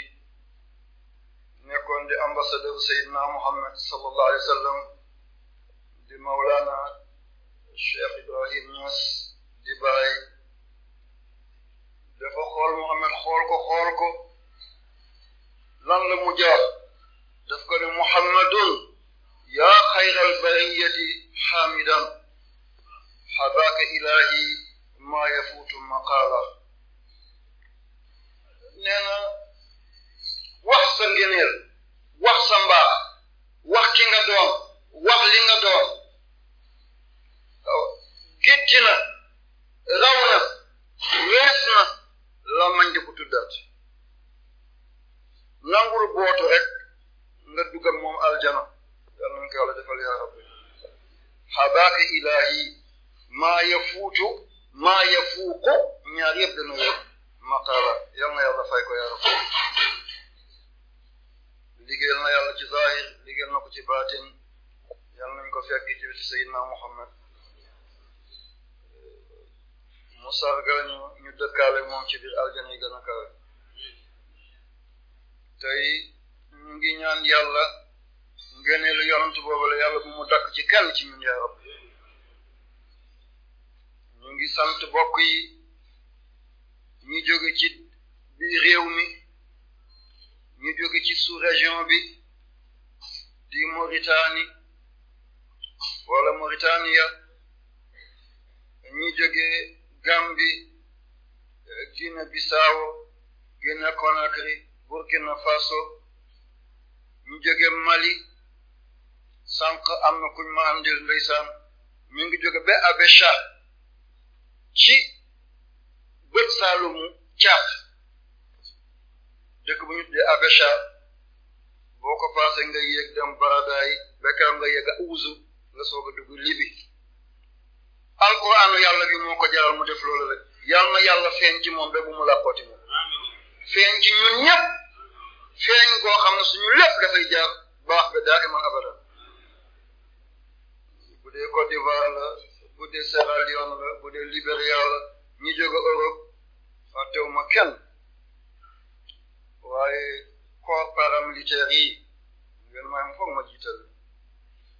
nekkoon di ambassadeur Seydina Muhammad sallallahu alayhi cheikh ibrahim ñas di baay dafa xool ko xool ko lan mu jaar daf ko ne muhammadun yaa xayral bariyati xaamidan xabaaka ilaahi maa yafuutu maqaala nee na wax sa wax sa wax ki wax li nga doon gétti na raw na wees na loo mañ di ko tuddaat nangul bootu rek nga dugal moom aljana yàlla nañ ko yàlla defal yaa rabbi xabaaka ilaahi maa yafuutu maa yafuuqu ñaar yëpp dana wér maqaala yal na yàlla ko yaa rabbi na yàlla ci zahir liggéeyal na ko ci baatin yal nañ ko fekk ci Seydina Muhammad mu sargal ñu ñu dëkkaale moom ci biir aljana yi gën a kawe tey ñu ngi ñaan yàlla ngëneelu yonent boobu la yàlla bu mu dakk ci kenn ci ñun yaa rab ñu ngi sant bokk yi ñu jóge ci biir réew mi ñu jóge ci sous-région bi di Mauritanie wala Mauritania ñu jóge Gambie eh, Guinée Bissau Guinée Conakry Burkina Faso ñu jóge Mali sànq am na kuñ ma andil ndeysaan mi ngi jóge ba Abécha ci bët saalumu Caad dëkk bu ñu tuddee Abécha boo ko paasee nga yéeg dem Baradaay bekkaam nga yéeg a Ouzu nga soog a dugg Libi alquran yàlla bi moo ko jaral mu def loolu la yàlla na yàlla feeñ ci moom ba bu mu làppooti moom feeñ ci ñun ñëpp feeñ goo xam ne suñu lépp dafay jaar baax ba daa iman abadan bu dee Côte bu dee Sierra Leone bu dee Libéria ñi jóge Europe fàttewuma kenn waaye corps paramilitaire yi ngeen maay m foog ma jiital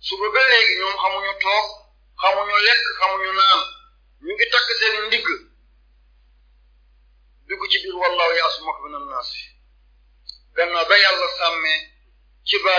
suba ba léegi ñoom xamuñu toog xamuñu lekk xamuñu naan ñu ngi takk seen ndigg dugg ci biir wallahu yasmuk min annaasi gannaaw ba yàlla sàmmee ci baat